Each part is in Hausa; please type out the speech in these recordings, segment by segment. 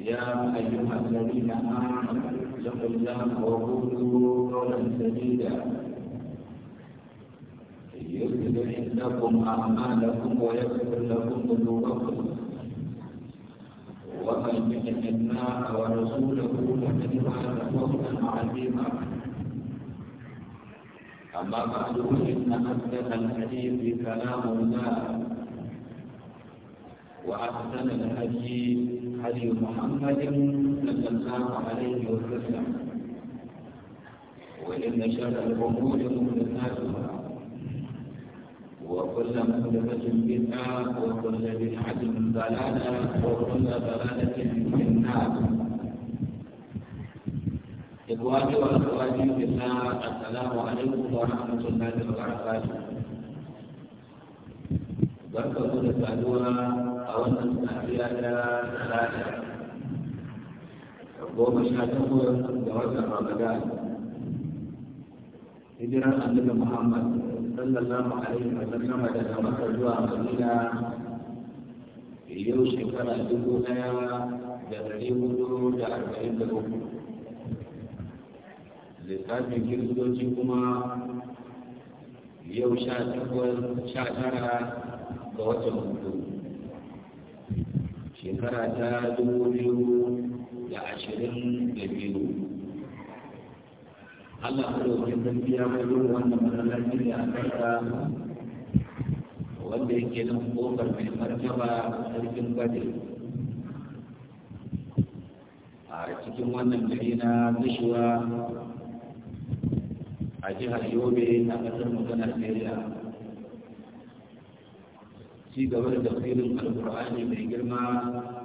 Ya ayuhat ladina amat Lekulam wabudu Kulam sajida Yusudin lakum amalakum Wa yakul lakum Kudurakum Wa ayyikin innaa Wa rasulahu Wa ayyikin innaa Amma ba'aduhu Inna asyakal hadithi Kalamun laa وأحسن الهدي هدي محمد صلى الله عليه وسلم وإن شر الأمور محدثاتها وكل محدثة بدعة وكل بدعة ضلالة وكل ضلالة في النار إخواني وأخواتي في الله السلام عليكم ورحمة الله وبركاته barka ku da saduwa a wannan safiya ta talata goma sha takwas ga watan ramadan hijiran annabi muhammad sallallahu alaihi wa sallama daga maka zuwa madina yau shekara dubu daya da dari hudu da arba'in da uku lissafin kiristoci kuma yau sha takwas sha tara ga watan hudu shekara ta dubu biyu da ashirin da biyu Allah ta dauki tafiya mai wannan matsalaci da akarta wanda yake nan kofar mai martaba sarkin bade a cikin wannan gari na gashuwa a jihar yobe na ƙasar mu ta ci gaba da tafsirin alkur'ani mai girma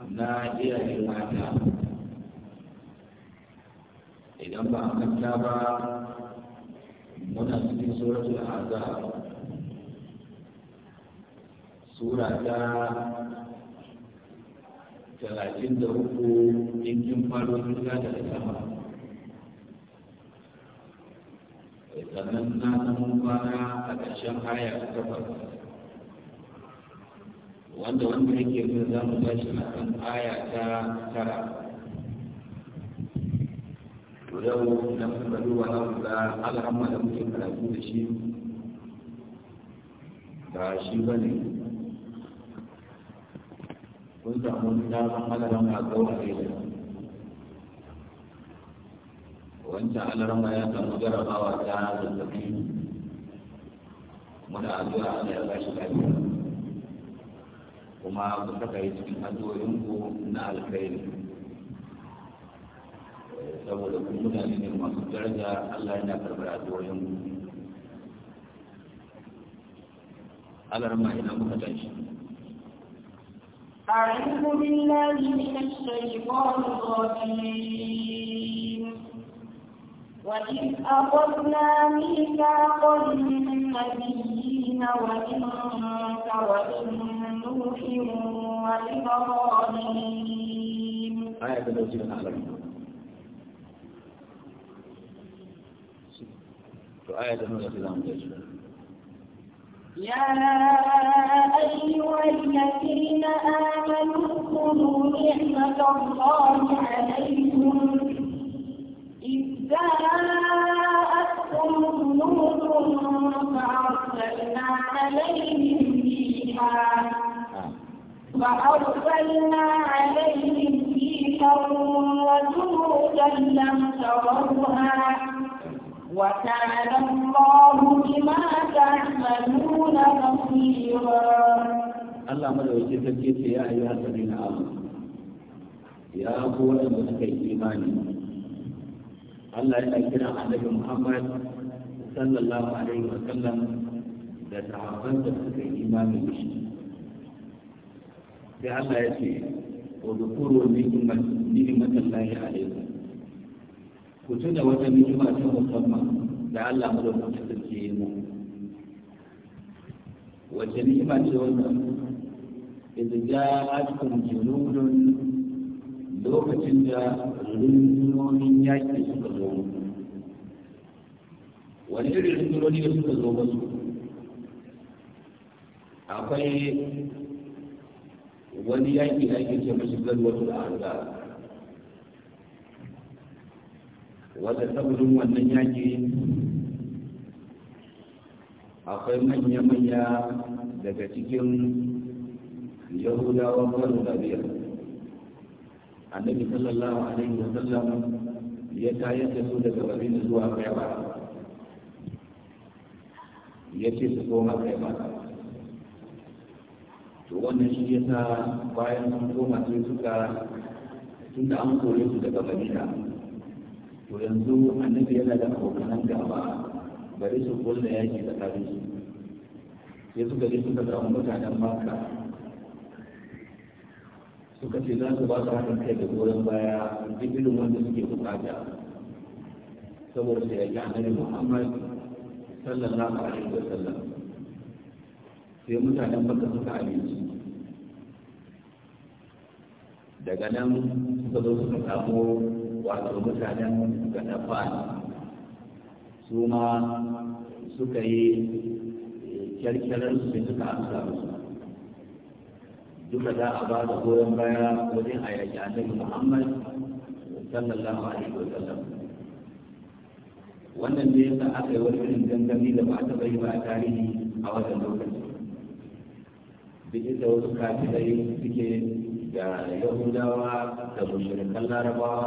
na iyaye mata idan ba a kanta ba muna cikin suratul azab sura ta talatin da uku in kin faro duniya daga sama sannan na samun kwana a ƙarshen haya ta takwas wanda wanda yake bin za mu tashi a kan aya ta tara to yau na muka duba na ga alhamma da muke karatu da shi ba shi ba ne kun samu damar alhamma kawai da wancan alarma ya samu jarabawa ta zazzabi muna addu'a Allah ya ba shi lafiya وما أردتك يتكلم أدوى ينبو من أهل خير سأقول لكم هنا من المصدر جعجة ألا إنك ربرا أدوى ينبو ألا رمى إنا مهتش أعوذ بالله من الشيطان الرجيم وإذ أخذنا ميثاق من النبي وإنك وإن آية نوح وإبراهيم آية تنزيل الأحلام آية يا أيها الذين آمنوا اذكروا نعمة الله عليكم إذ جاءتكم جنود فأرسلنا عليهم فيها فأرسلنا عليهم فيها وجنودا لم تروها وكان الله بما تعملون بصيرا الله مدعوكي تكيت يا أيها الذين آمنوا يا أبو المسكين إيماني الله يذكر النبي محمد صلى الله عليه وسلم إذا تعرفت في الإمام المشرك في هذا يأتي وذكروا لنعمة الله عليكم كتنا وتمي جمعة مصمم لعل أمر المتكلم في إلمه وتنعمة إذا جاءتكم جنود لوقت جاء رنون يأتي سكرون wani irin hikimoni da suka zo musu akwai wani yaƙi da ake ce mashi galwatu a arza wata saboda wannan yaƙi akwai manya-manya daga cikin yahudawa kanu da biyar annabi sallallahu alaihi wasallam ya tayar da su daga babin zuwa ba. ya ce su koma kai ya mata to wannan shi ya sa bayan sun koma sai suka tun da an kore su daga madina to yanzu annabi yana da abokanan gaba bari su kulle yaki tsakanin su Ya suka je suka samu mutanen maka suka ce za su ba su hakan kai da goyon baya duk irin wanda suke bukata saboda sai ya ji annabi muhammad sallallahu alaihi wa sallam sai mutanen baka suka abinci daga nan suka zo suka samu wato mutanen gadafan su ma suka yi eh, kyarkyararsu da suka amsa musu duka za a ba da goyon baya wajen a yaƙi annabi muhammad sallallahu alaihi wa sallam wannan ne yasa aka yi wani irin gangami da ba taɓa yi ba a tarihi a wannan lokaci bikin da wasu kafirai suke da yahudawa da mushrikan larabawa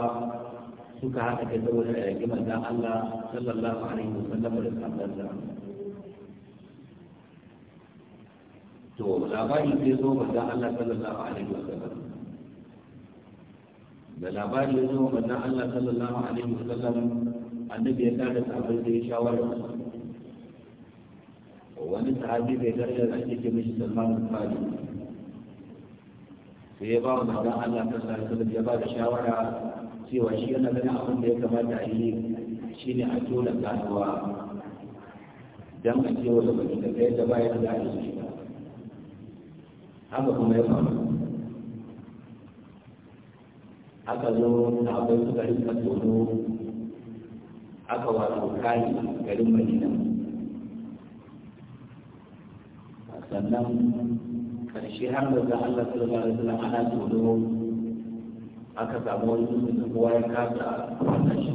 suka haɗa kai saboda a yaƙi manzan Allah sallallahu alaihi wa sallam da sahabbansa to labari sai zo manzan Allah sallallahu alaihi wa sallam da labari ya zo manzan Allah sallallahu alaihi wa sallam annabi ya tada sahabai da ya shawara wani sahabi bai daraja da ake ce mishi salman al-fadi sai ya ba wa manzon Allah ta sallallahu ya ba da shawara cewa shi yana ganin abin da ya kamata a yi shi ne a tola kasuwa Don a ce wata baki da kai da bayan da ake shi haka kuma ya faru aka zo na sahabai suka rinka tsoro aka wato kari garin madina sannan karshe har da za Allah sallallahu alaihi wasallam ana tsoro aka samu wani mutum kowa ya kasa wannan shi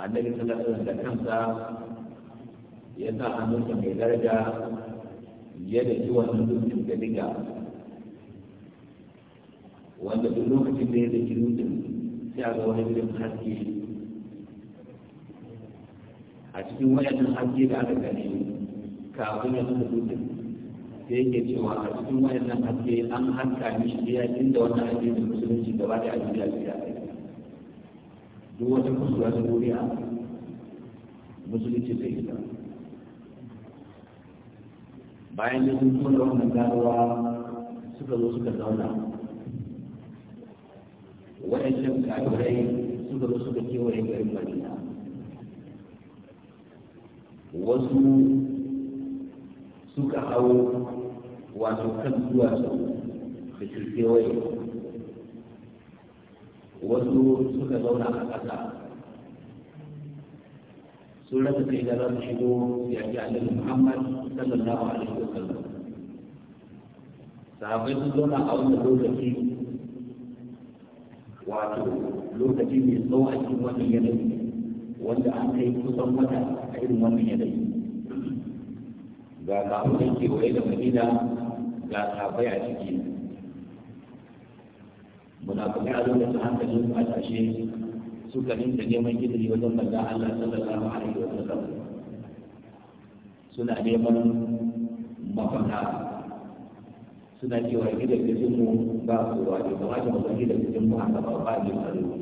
annabi sallallahu alaihi wasallam da kansa ya sa hannunsa mai daraja ya da kiwon mutum da diga wanda duk lokacin da ya da mutum sai a ga wani irin haske a cikin wayannan haske da aka gani kafin ya zama dutse sai yake cewa a cikin wayannan haske an haska mishi biya inda wannan da musulunci gaba da addinin alfiya duk wata kusurwa ta duniya musulunci zai isa bayan da sun kuma wannan garuwa suka zo suka zauna waɗancan kafirai suka zo suka kewaye garin madina wasu suka hau wato kan su da ke wai? wasu suka zauna a ƙasa sun rasa kai da za su shigo yaƙi annabi muhammad sallallahu alaihi wa sallam sahabbai sun zauna a wani lokaci wato lokaci mai tsawo a cikin wannan yanayi wanda an kai kusan mata a irin wannan yanayi ga kafin kewaye da madina ga kafai a ciki kuma a lokacin hankalin su a tashe kanin da neman izini wajen da Allah sallallahu alaihi wa sallam suna neman mafaka suna cewa gidan gidan mu ba su wa ne kamata mu san gidan gidan mu haka ba ba ne tsaro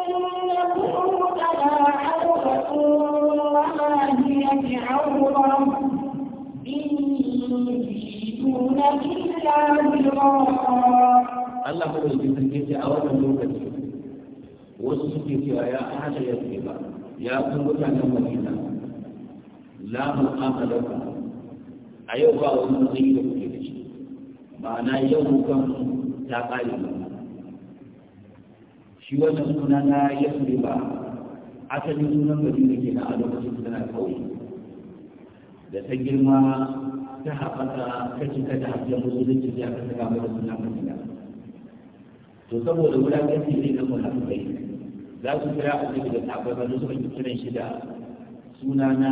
Allah ko da sun ce a wannan lokaci wasu suke cewa ya hada ya ce ba ya kun mutanen Madina la mu amalaka a yau ba wani matsayi da kuke da shi ma'ana yau kan ta kare shi wannan suna na ya ba asalin sunan Madina kenan a lokacin suna kawai. da ta girma ta haɓaka kashi kada hafiyar musulunci ya ka saka mai suna mutuna. to saboda wulaƙanci ne na munafukai za su kira a cikin da sabon wani suka yi kiran shi da suna na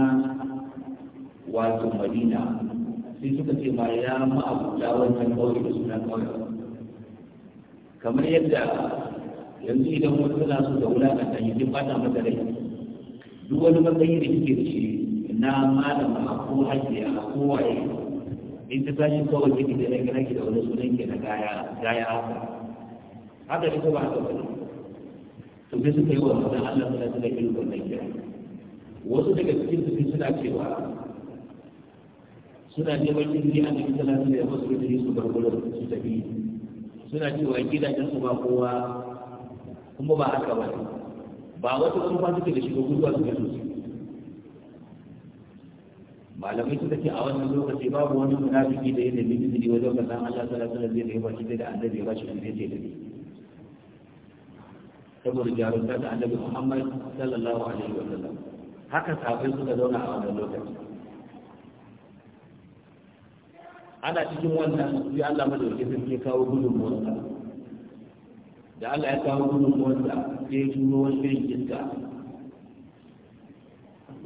wato madina sai suka ce ma ya ma'abuta wannan kawai da suna kawai kamar yadda yanzu idan wani suna so da wulaƙanta yanzu ba ta mata rai duk wani matsayi da kike da shi na malama ko hajiya ko waye in ta tashi kawai kiki da nan gina da wani sunan ke na gaya gaya haka haka ne ko ba haka ba to sai suka yi wa wannan Allah suna suna irin wannan kira wasu daga cikin su suna cewa suna neman jirgi a cikin talatin da wasu rikiri su barbulo su tafi suna cewa gidajen su ba kowa kuma ba haka ba ba wata kuma ba suke da ko kuma su cikin su malamai suka ce a wannan lokaci babu wani munafiki da yadda bin izini wajen ka san Allah sallallahu alaihi zai rayu shi da annabi ya bashi annabi ce da ni saboda jarumta da annabi Muhammad sallallahu alaihi wa sallam haka sahabbai suka zauna a wannan lokaci ana cikin wannan sai Allah madauke sun ke kawo gudunmuwarsa da Allah ya kawo sa sai ya turo wani iska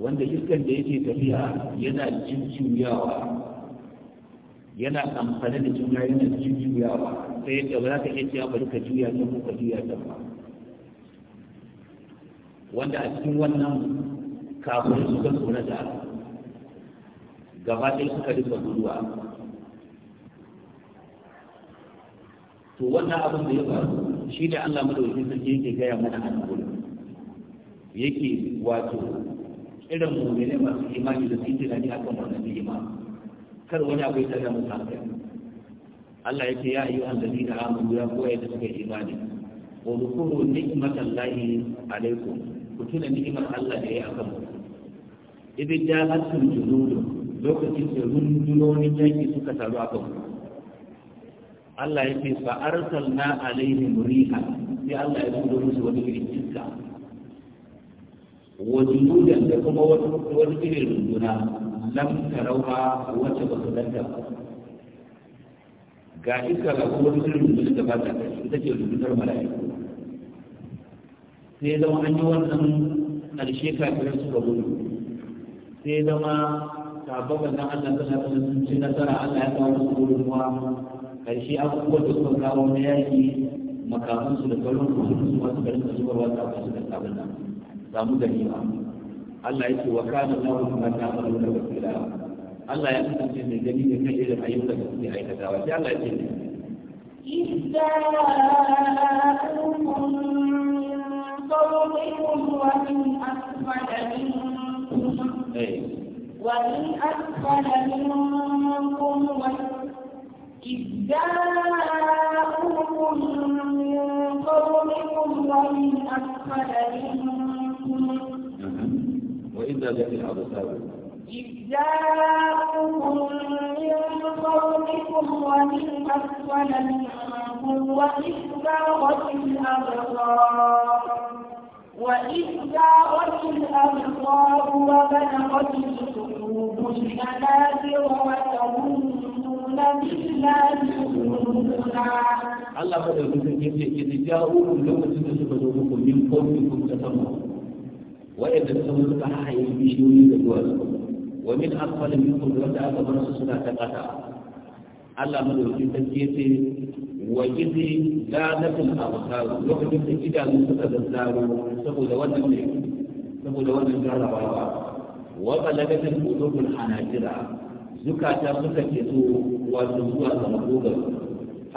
wanda iskan da yake tafiya yana jujjuyawa yana amfani da juna yana jujjuyawa sai yadda ba za ka iya cewa bari ka juya ta ko ka juya ta ba wanda a cikin wannan kafin ga tsora da gaba ɗaya suka rika guduwa to wannan abin da ya faru shi da Allah madawacin sarki yake gaya mana a nan yake wato irin ne masu imani da sun tunani a kan wannan ni'ima kar wani abu ya tsaya musu hankali Allah ya ce ya ayyu an zabi da amu ya koya da suka imani wa dhkuru a alaikum ku tuna ni'imar Allah da ya akan ku idan ja'atkum junudun lokacin da rundunonin yaki suka taru a kan Allah ya ce fa arsalna alaihim riha sai Allah ya turo musu wani irin iska wajudan da kuma wani irin runduna lam tarauha wacce ba su danta ba ga iska ga kuma wani irin runduna da ba ta ita ce rundunar mala'iku sai zama an yi wannan ƙarshe kafin su ga gudu sai zama sababin nan Allah ta shafi sun ci nasara Allah ya kawo musu gudunmuwa ƙarshe abubuwan da suka kawo na yaƙi makamansu da sauran kuma su masu garin da suka wata a kasu da sabon nan damu da nima Allah yake wa kana lahu ma ta'maluna basira Allah ya kasance mai gani da kan irin ayyukan da suke aikatawa sai Allah yake ne ومن أسفل منكم إذ جاءوكم من قومكم ومن أسفل منكم جاءت الأبصار من ومن وإذ زاغت الأبصار وإذ زاغت وبلغت القلوب الحناجر وتظنون بالله الله قد يكون في كتابه لو تنسبتم من قومكم تسمعون Waɗanda wa'anda sun suka haye bishiyoyi da duwatsu wa min asfalin da wanda aka bar su suna ta ƙasa. Allah madaukakin sarki yace wa izi zalatul absar lokacin da idanu suka zazzaro saboda wannan ne saboda wannan jarrabawa wa balagatul qulubul hanajira zukata suka ke so wato zuwa ga makogaro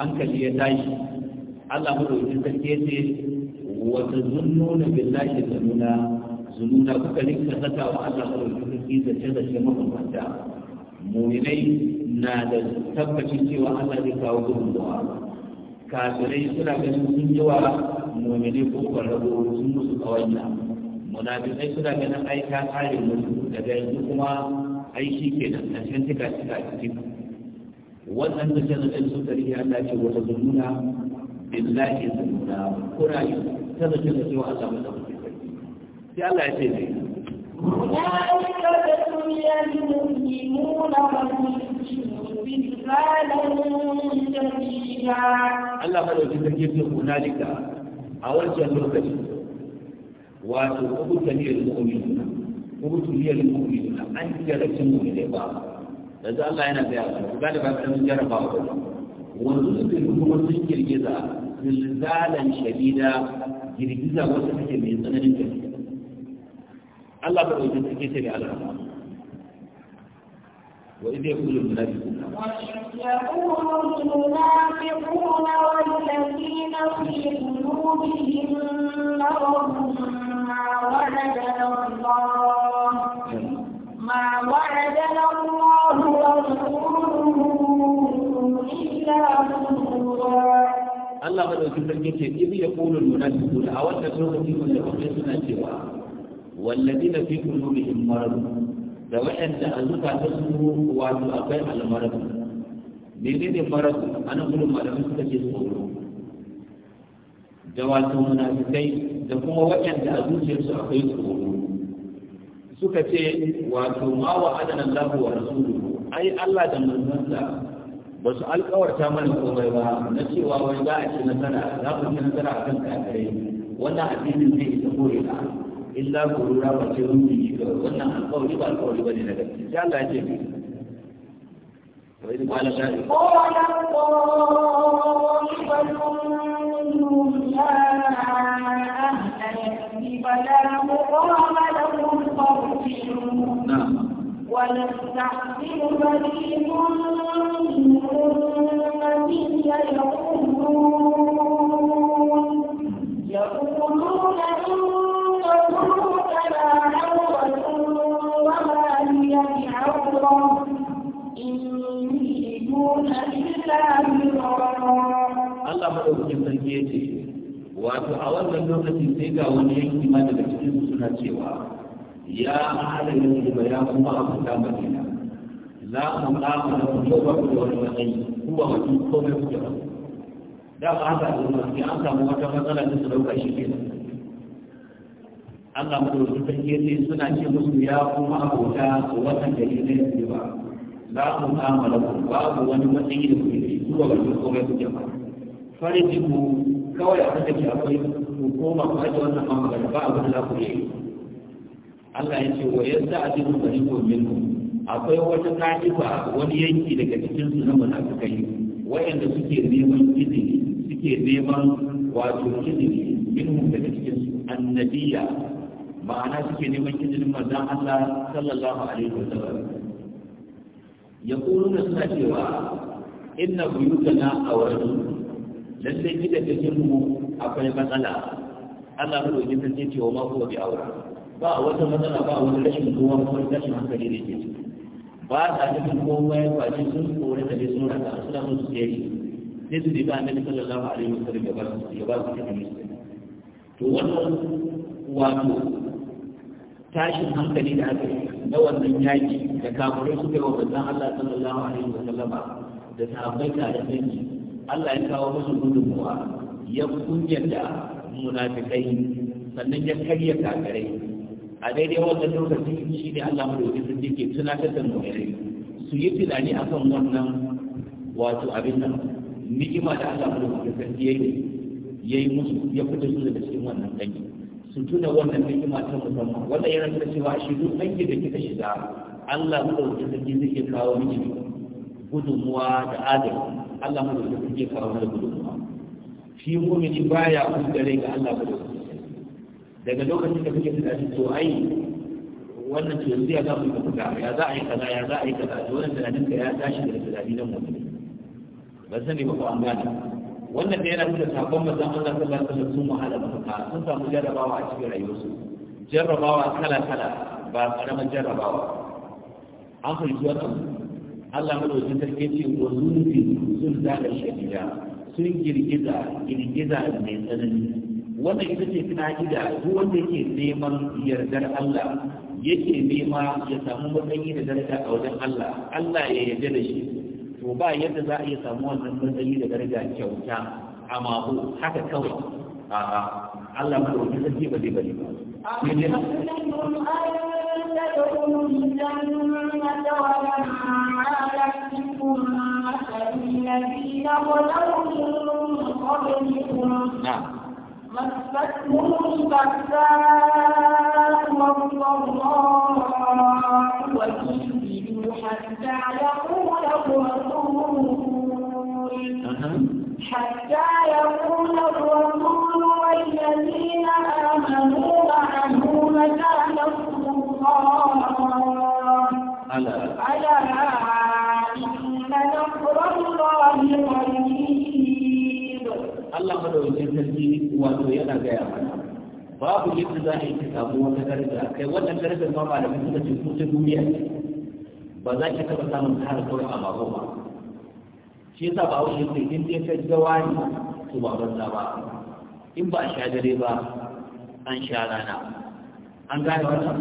hankali ya tashi Allah madaukakin sarki yace wa tazunnuna billahi zanuna zununa kuka rinka saka wa Allah kawai kuka da ce da ce mabambanta mu'minai na da tabbacin cewa Allah zai kawo gudunmawa kafirai suna ganin sun yi wa mu'minai ko kwararru sun musu kawanya munafikai suna ganin ai ta kare musu daga yanzu kuma ai shi ke da tashin tika tika cikin wannan da ce da ce sun tarihi Allah ce wata zununa billahi zununa kuna yi ta da ce da cewa Allah mutum sai Allah ya ce ne أولئك الذين يؤمنون بالرسالة جميعا الله ما لو تذكر هنالك أول شيء na وأبتلي المؤمنون أبتلي mu أنت جرت المؤمنين yanzu Allah yana gaya ba ku gane ba ta mun jarraba ba wanzu su kuma sun girgiza zilzalan shadida girgiza wata take mai tsananin gaske الله بقول انت جيت لي على الامر واذ يقول المنافقون يقول المنافقون والذين في قلوبهم مرض ما وعدنا الله ما وعدنا الله ورسوله الا غرورا الله بدأ يقول المنافقون أود أن يكون لكم جسنا سواه والذين في قلوبهم مرض da waɗanda a zukatan su wato akwai almaratu mene ne maratu ana gudun malamai suka ce tsoro da wato munafikai da kuma waɗanda a zuciyarsu akwai tsoro suka ce wato ma wa adana Allahu wa rasuluhu ai Allah da manzonsa ba su alkawarta mana komai ba na cewa wai za a ci nasara za ku ci nasara a akan kafirai wannan addinin zai isa kore da illa gurura ba ce rubi ga wannan alƙawari ba alƙawari bane daga insha Allah ya ce وإذ قال قال طائفة منهم يا أهل يثرب لا مقام لكم فارجعوا ولتستحسن فريق منهم من يقولون Allah maɗaukakin sarki ya ce, Wato, a wannan lokacin sai ga wani yanki ma daga cikin suna cewa, Ya hada yanki ba ya kuma a ta madina, za mu ƙafa da ku yau ba ku da wani matsayi, ku ba mutum komai kuke ba. Da ba haka a zuwa sai an samu wata matsala da su ɗauka shi kenan. Allah mu da ta sai suna ce musu ya kuma abota wannan dalilin ne ba za mu amala ku ku wani matsayi da kuke da ku kuma ba ku komai kuke ba fariji ku kawai a take akwai ku koma ku aje wannan magana ba abin da za ku yi Allah ya ce wa yadda ajin bariqu minkum akwai wata kafifa wani yanki daga cikin su na munafikai wayanda suke neman izini suke neman wato izini minhum daga cikin su annabiya ma'ana suke neman izinin manzon Allah sallallahu alaihi wasallam da suna cewa inna buyutana awratu lalle gidan da kin mu akwai matsala Allah ya roki ta ce wa ma huwa bi awra ba wata matsala ba wani rashin kowa ko rashin hankali ne ke ciki ba ta cikin komai ba ce sun kore da dai sun raka suna musu tsere sai su riga annabi sallallahu alaihi wasallam ya ba su ya ba su cikin to wannan wato tashin hankali da aka na wannan yaki da kafirai su yi wa manzon Allah sallallahu alaihi wa sallama da sahabbai tare da shi Allah ya kawo musu gudunmuwa ya kunyar da munafikai sannan ya karya kakarai a daidai wannan lokaci shi ne Allah madaukakin sun ke tunatar da mu'minai su yi tunani akan wannan wato abin nan ni'ima da Allah madaukakin sun ya yi musu ya fita su daga cikin wannan dangi su tuna wannan ni'ima ta musamman wanda ya rantsa cewa shi duk hanyar da kika shiga Allah mu dauki sarki zai kawo miki gudunmuwa da adalci Allah mu dauki sarki kawo miki gudunmuwa shi ni baya kuskure ga Allah mu sarki. daga lokacin da kake tunani to ai wannan to yanzu ya za mu kuka ya za a yi kaza ya za a yi kaza to wannan tunanin ka ya tashi daga tunani na mu'mini ban sani ba ko an gane wannan da yana nuna sabon mazan Allah sallallahu alaihi wasallam sun wahala mafaka sun samu jarrabawa a cikin rayuwarsu jarrabawa kala kala ba karamin jarrabawa an fahimci wannan Allah madaukakin sarki ce wa zulfi sun da shadida sun girgiza girgiza mai tsanani wannan ita ce gida duk wanda yake neman yardar Allah yake nema ya samu matsayi da daraja a wajen Allah Allah ya yarda da shi to ba yadda za a iya samu wannan matsayi da daraja kyauta a mako haka kawai a Allah ba dauki sarki ba zai bari ba نعم مستهم البأساء والضراء وكيلوا حتى يقول الرسول حتى يقول الرسول والذين آمنوا معه متى نصر الله ألا ألا إن نصر الله قريب الله مدعو الجنة wato yana gaya mana babu yadda za a yi ki samu wata a kai wannan darajar ma malamin suka ce ko ta duniya ba za ki taɓa samun tara kawai a babu ba shi yasa ba wani yadda in dai ka gawa ne to ba banza ba in ba a sha dare ba an sha rana an gane wannan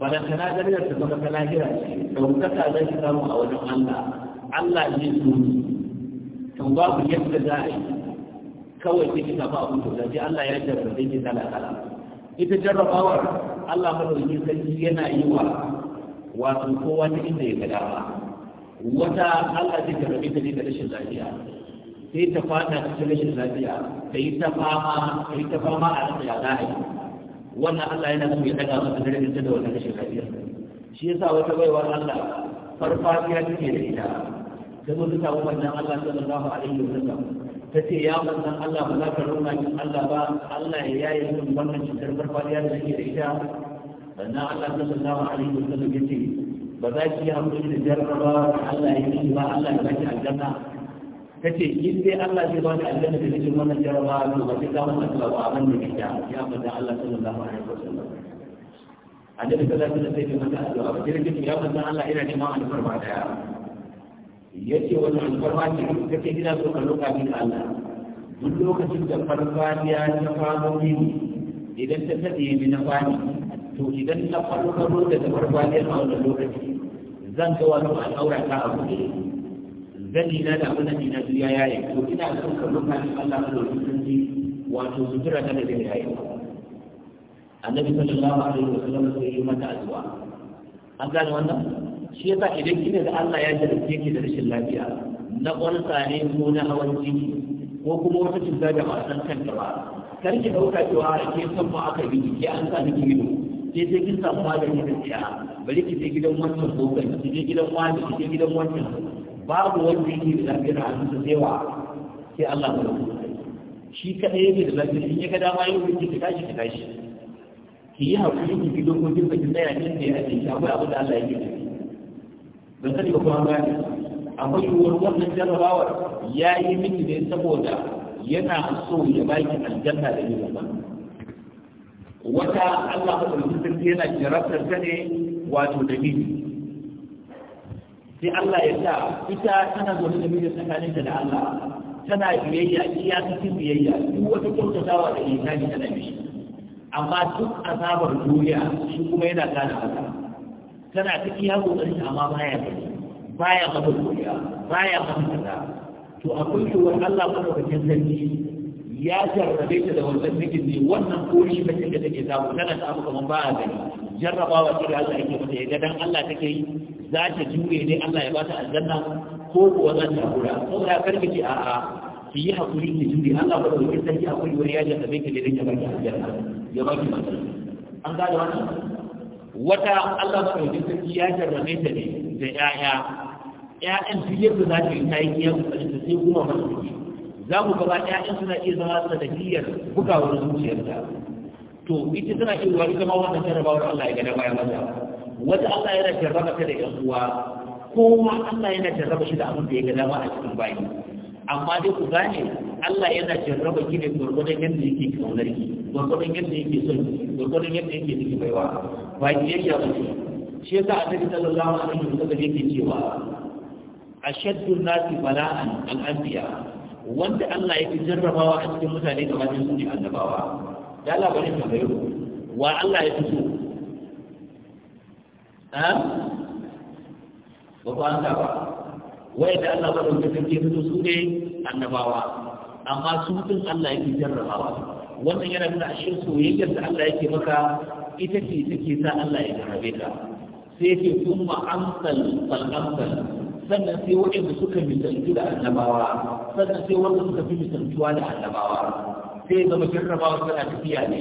barantana darajar ta zama ta lahira ce ɗaukaka za ki samu a wajen Allah Allah zai so ni to babu yadda za a yi kawai sai kika ba abin da sai Allah ya jarrabe ki kala kala ita jarrabawar Allah yi sanki yana yi wa wato kowa ta inda ya ga dama wata Allah zai jarrabe ta ne da rashin lafiya sai ta fada ta rashin lafiya ta yi ta fama ta yi ta fama a rasa ya za wannan Allah yana so ya daga masa darajar ta da wannan rashin lafiya shi yasa wata baiwar Allah farfafiya take da ita sai mun ta wannan Allah sallallahu alaihi wasallam ta ce ya manzan Allah ba za ka nuna ni Allah ba Allah ya yaye min wannan cutar farfadiya da nake da ita sannan Allah sallallahu alaihi wa sallam ya ce ba za ki yi hakuri da ba Allah ya yi ba Allah ya baki aljanna ta ce in dai Allah zai bani aljanna da cikin wannan jarraba to ba ki samu matsala ba abin da kika ya manzan Allah sallallahu alaihi wa sallam annabi sallallahu alaihi wa sallam sai ya mata addu'a ba jirgin ya manzan Allah ina neman alfarma daya ya ce wani alfarma ce ta ce gina so a lokacin min Allah duk lokacin da farfariya ta faro mini idan ta tafi ni na fani to idan na karo da ta farfariya a wannan lokaci zan ga wani aura ta a buɗe zani na da abin na duniya ya yi to ina son ka loka min Allah a lokacin wato sutura ta da zai yayi annabi sallallahu alaihi wasallam sai yi mata addu'a an gane wannan shi yasa idan kina da Allah ya jarabce ki da rashin lafiya na ƙwarsa ne ko na hawan jini ko kuma wata cuta da ba san kanta ba kar ki dauka cewa ke san ba aka yi ki an sa miki ido ke sai kin samu magani da tsiya bari ki je gidan wancan bokan ki je gidan wani ki je gidan wancan babu wanda yake da lafiya a cikin tsewa sai Allah ya rubuta shi kadai yake da lafiya in ya ga dama yau ki tashi ki tashi ki yi hakuri ki bi dokokin ba ki tsaya ne ne a cikin akwai da Allah yake da ban sani ba kuma gane amma yiwuwar wannan jarrabawar ya yi miki ne saboda yana so ya baki aljanna da yin ba wata Allah ta ɗauki sun yana jarabtar ta ne wato da miji sai Allah ya sa ita tana zaune da miji tsakaninta da Allah tana biyayya cikin biyayya duk wata kyautatawa da ihsani tana mishi amma duk azabar duniya shi kuma yana gane haka tana ta iya kokari amma baya ba baya ba kuriya baya mata kaza to akwai wa Allah kin sani ya jarrabe ta da wannan mijin ne wannan koshi ba da take samu tana ta abu kamar ba a gani jarrabawa ce da Allah yake mata ya ga dan Allah take yi za ta jure ne Allah ya ba ta aljanna ko kuwa za ta hakura ko ya karki ce a'a ki yi hakuri ki jure Allah ba ka kin sani akwai wani ya jarrabe ki da dake baki aljanna ya baki matsala an gane wannan wata Allah madaukakin sarki ya jarrabe ta ne da 'ya'ya. Ya'yan duk yadda za ta yi ta yi kiyar ta sai kuma masu za mu gaba ƴaƴan suna iya zama sanadiyar bugawar zuciyarta to ita tana iya wani zama wannan jarrabawar Allah ya gada baya mata wata Allah yana jarraba ta da ƴan uwa kowa Allah yana jarraba shi da abin da ya gada ba a cikin bayi amma dai ku gane Allah yana jarraba ki da gurgurdan yadda yake kaunar ki Gorko gwargwadon yadda yake son gorko gwargwadon yadda yake ciki baiwa ba kiyayya ba ce shi yasa annabi sallallahu alaihi wasallam yake cewa ashaddu nasi bala'an al-anbiya wanda Allah yake jarrabawa a cikin mutane kamar su ne annabawa da labarin da bayo wa Allah ya fito ha ba ba ta ba wai da Allah ba da kake fito su ne annabawa amma su tun Allah yake jarrabawa wannan yana nuna ashe soyayyar da Allah yake maka ita ce take sa Allah ya karabe ka sai ce kuma amsal fal amsal sannan sai waɗanda suka misaltu da annabawa sannan sai wanda suka fi misaltuwa da annabawa sai zama jarrabawa tana tafiya ne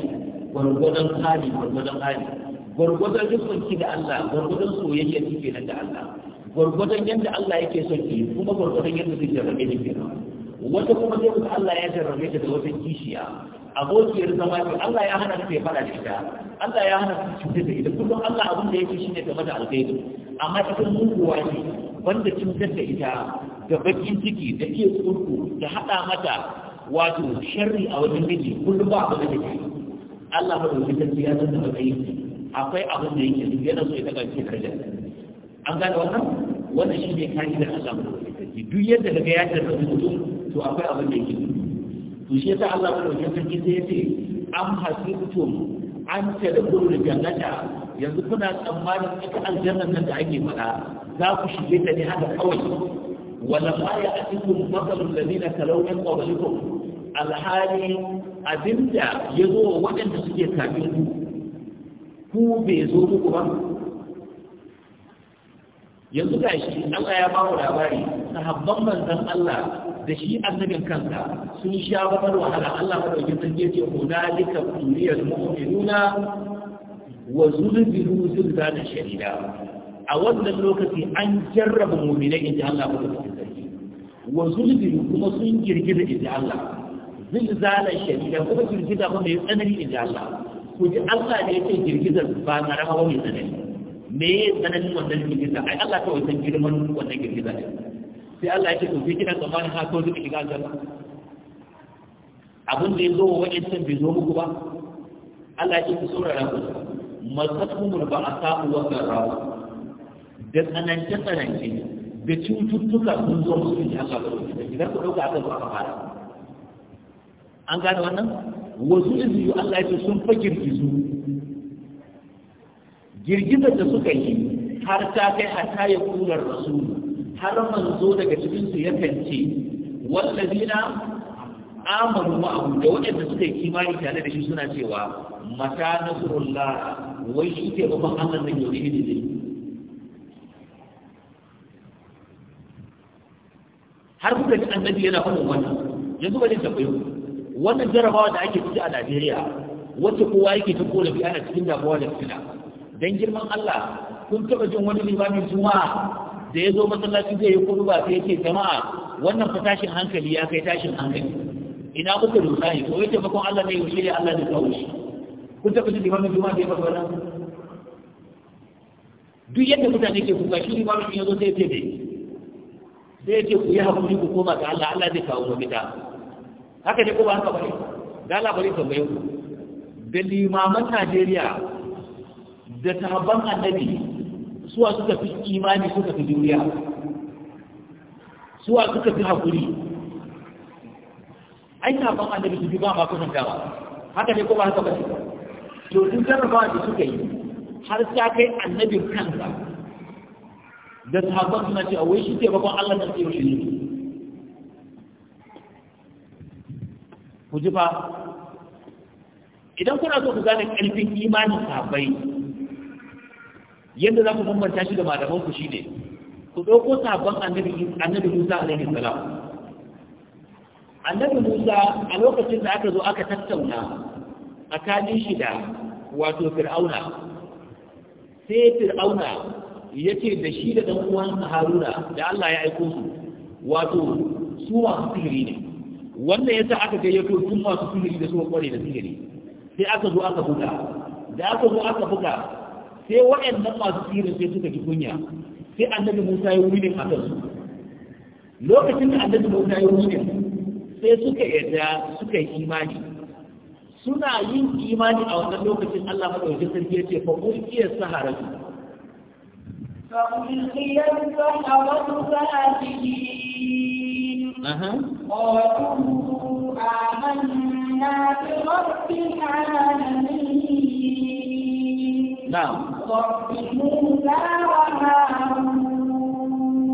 gwargwadon hali gwargwadon hali gwargwadon rikonki da Allah gwargwadon soyayya kike nan da Allah gwargwadon yadda Allah yake son ki kuma gwargwadon yadda kike jarrabe ki wata kuma zai Allah ya jarrabe ta da wata kishiya abokiyar zama ce Allah ya hana su fara da ita Allah ya hana su cuta da ita kullum Allah abin da yake shine game da alkhairi amma ita muguwa ce wanda cutar da ita da bakin ciki da ke tsurku da hada mata wato sharri a wajen miji kullum ba abin da take Allah ba dauki sarki ya san da matsayin akwai abin da yake duk yana so ya daga cikin karja an gane wannan wannan shi ne da Allah ba dauki duk yadda daga ya tarbi mutum to akwai abin da yake to shi yasa Allah ya sarki sai yace am hasibtum an ta da kullu jannata yanzu kuna tsammanin ita aljanna nan da ake faɗa za ku shige ta ne haka kawai wala ma ya atikum masalul ladina kalaw min qablikum alhali abinda yazo waɗanda suke kafin ku ku bai zo muku ba yanzu ga shi Allah ya bawo labari sahabban manzon Allah da shi annabin kansa sun sha babar wahala Allah madaukin sarki yace hunalika turiyal mu'minuna wa zulzilu zulzala shadida a wannan lokaci an jarraba mu'minai inda Allah madaukin sarki wa zulzilu kuma sun girgiza inda Allah zilzala shadida kuma girgiza kuma mai tsanani inda Allah ku ji Allah ne yake girgizar ba na rawa mai tsanani me ya tsananin wannan girgiza ai Allah ta wasan girman wannan girgiza ne sai Allah ya ce to kina tsammanin ha to zuka shiga aljanna abin da ya zo wa san bai zo muku ba Allah ya ce ku saurara ku masakumul ba'asa wa sarrawa da tsanance tsanance da cututtuka sun zo musu ne aka ba idan ku dauka zo ba fara an gane wannan wasu izu Allah ya ce sun fa su girgizar da suka yi har ta kai ta ya kular rasu, har manzo daga cikin su yakan ce wallazina amanu abu da waɗanda suka yi kimani tare da shi suna cewa mata nasrullah wai shi ke babban Allah nan yau shi ne har kuka ji annabi yana faɗin wannan yanzu ba zai tabbayo wannan jarabawa da ake ciki a Najeriya wacce kowa yake ta korafi ana cikin damuwa da fitina dan girman Allah kun taɓa jin wani limamin juma'a da ya zo masallaci zai yi kudu ba sai yake jama'a wannan fa tashin hankali ya kai tashin hankali ina kuka rusa ne ko yace bakon Allah ne yaushe ne Allah da kawo shi kun taɓa jin limamin juma'a da ya faɗa wannan duk yadda mutane ke kuka shi limamin ya zo sai ya ce sai ce ku yi hakuri ku koma ga Allah Allah zai kawo mafita haka ne ko ba haka bane da Allah bari tambaye ku da limaman Najeriya da sahabban annabi suwa suka fi imani suka fi juriya suwa suka fi haƙuri ai sahabban annabi su fi ba ma kusantawa haka ne kuma haka bace to duk jarrabawa da suka yi har sa kai annabin kansa da sahabban suna ce a wai shi bakon Allah na tsaye shi ne ku ji fa idan kuna so ku gane ƙarfin imanin sahabbai yadda za ku bambanta shi da malaman ku shine ku ɗauko sabon annabi Musa alaihi salam annabi Musa a lokacin da aka zo aka tattauna tsakanin shi da wato Fir'auna sai Fir'auna ya ce da shi da ɗan uwan Haruna da Allah ya aiko su wato su masu sihiri ne wannan yasa aka gayyato tun masu sihiri da suka kware da sihiri sai aka zo aka buga da aka zo aka buga sai nan masu tsirin sai suka ji kunya sai annabi Musa ya wuri a kansu lokacin da annabi Musa ya wuri sai suka yarda suka yi imani suna yin imani a wannan lokacin Allah madaukakin sarki ya ce fa ulqiyas saharatu fa ulqiyas saharatu sahajiin aha qalu amanna bi rabbil alamin na'am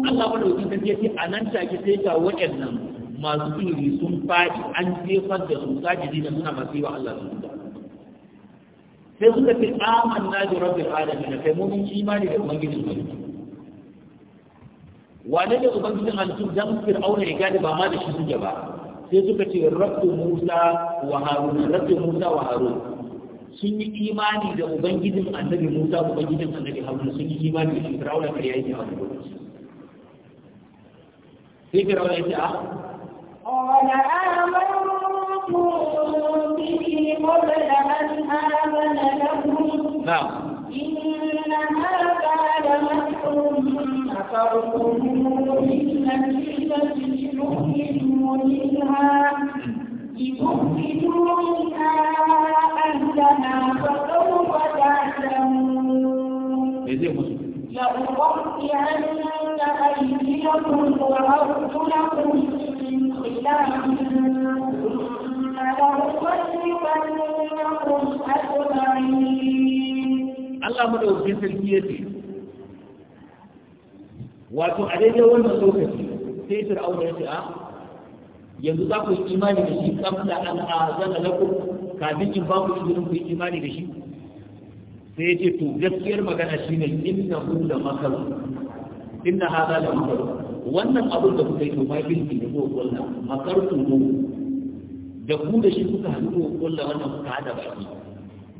Allah wanda wajen tafiya ce a nan take sai ga waɗannan masu ilimi sun faɗi an jefar da su sajidi da suna masu yi wa Allah su da sai suka ce amanna bi rabbil alamin kai mu mun imani da ubangijin halittu wane da ubangijin halittu dan fir'auna ya gadi ba ma da shi suke ba sai suka ce rabbu musa wa Haruna, rabbu musa wa harun sun yi imani da ubangijin annabi musa ubangijin annabi haruna sun yi imani da firawuna fir'auna ya yi a wani lokaci sai fir'auna ya ce a قال آمنت به قبل أن لأقطعن أيديكم وأرجلكم من خلاف ثم لأصلبنكم أجمعين Allah sarki ya ce wato a daidai wannan lokaci sai fir'auna ya ce a ah, yanzu za ku yi imani da shi a an na ku kafin in ba ku izinin ku yi imani da shi sai ce to gaskiyar magana shine inna hu la makar inna haka da makar wannan abin da kuka yi to mai bilki ne ko wannan makartu mu da ku da shi kuka haɗu ko kullu wannan kuka hada shi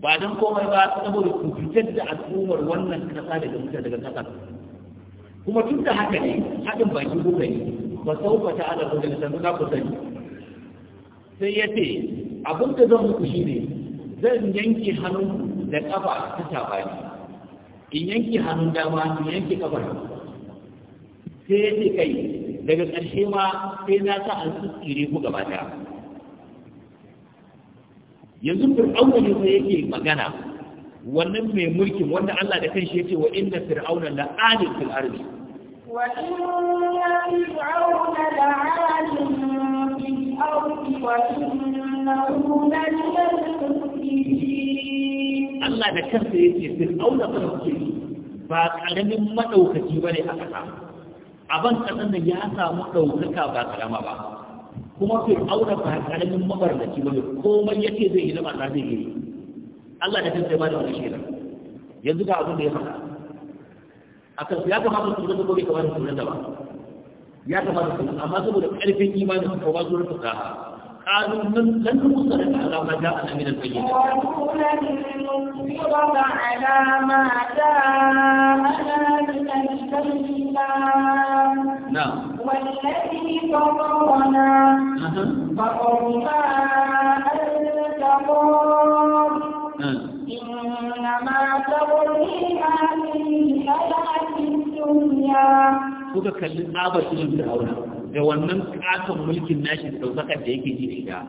ba dan komai ba saboda ku fitar da al'ummar wannan kasa daga mutane daga kasa kuma tun da haka ne haɗin baki kuka yi ba ba ta ala ko da sanu na ku sani sai ya ce abin da zan muku ne zan yanke hannun da kafa ta tabani in yanki hannun dama in yanki kafar sai ya ce kai daga ƙarshe ma sai na sa an tsire ku gaba ta yanzu fir'auna ne sai yake magana wannan mai mulkin wanda Allah da kanshi yace wa inna fir'auna la alim fil ardi wa inna fir'auna la alim fil ardi wa innahu la min al-mufsidin Allah da kansa ya ce fir'auna ba ke ba karamin ba ne a ƙasa, a ban kasan da ya samu ɗaukaka ba ƙarama ba kuma auna ba karamin mabarnaci bane komai ce zai yi na ba zai yi Allah da kansa ba da wani shi yanzu ga abin da ya faɗa kan ya kamata su zama gobe kamar su da ba ya kamata su amma saboda ƙarfin imanin su ko ba su rufe قالوا لن نصرف على ما جاءنا من البينات قالوا لن على ما جاءنا من البينات نعم والذي فطرنا فقرنا إنما تغني هذه الحياة الدنيا da wannan katon mulkin nashi da daukakar da yake ji da ita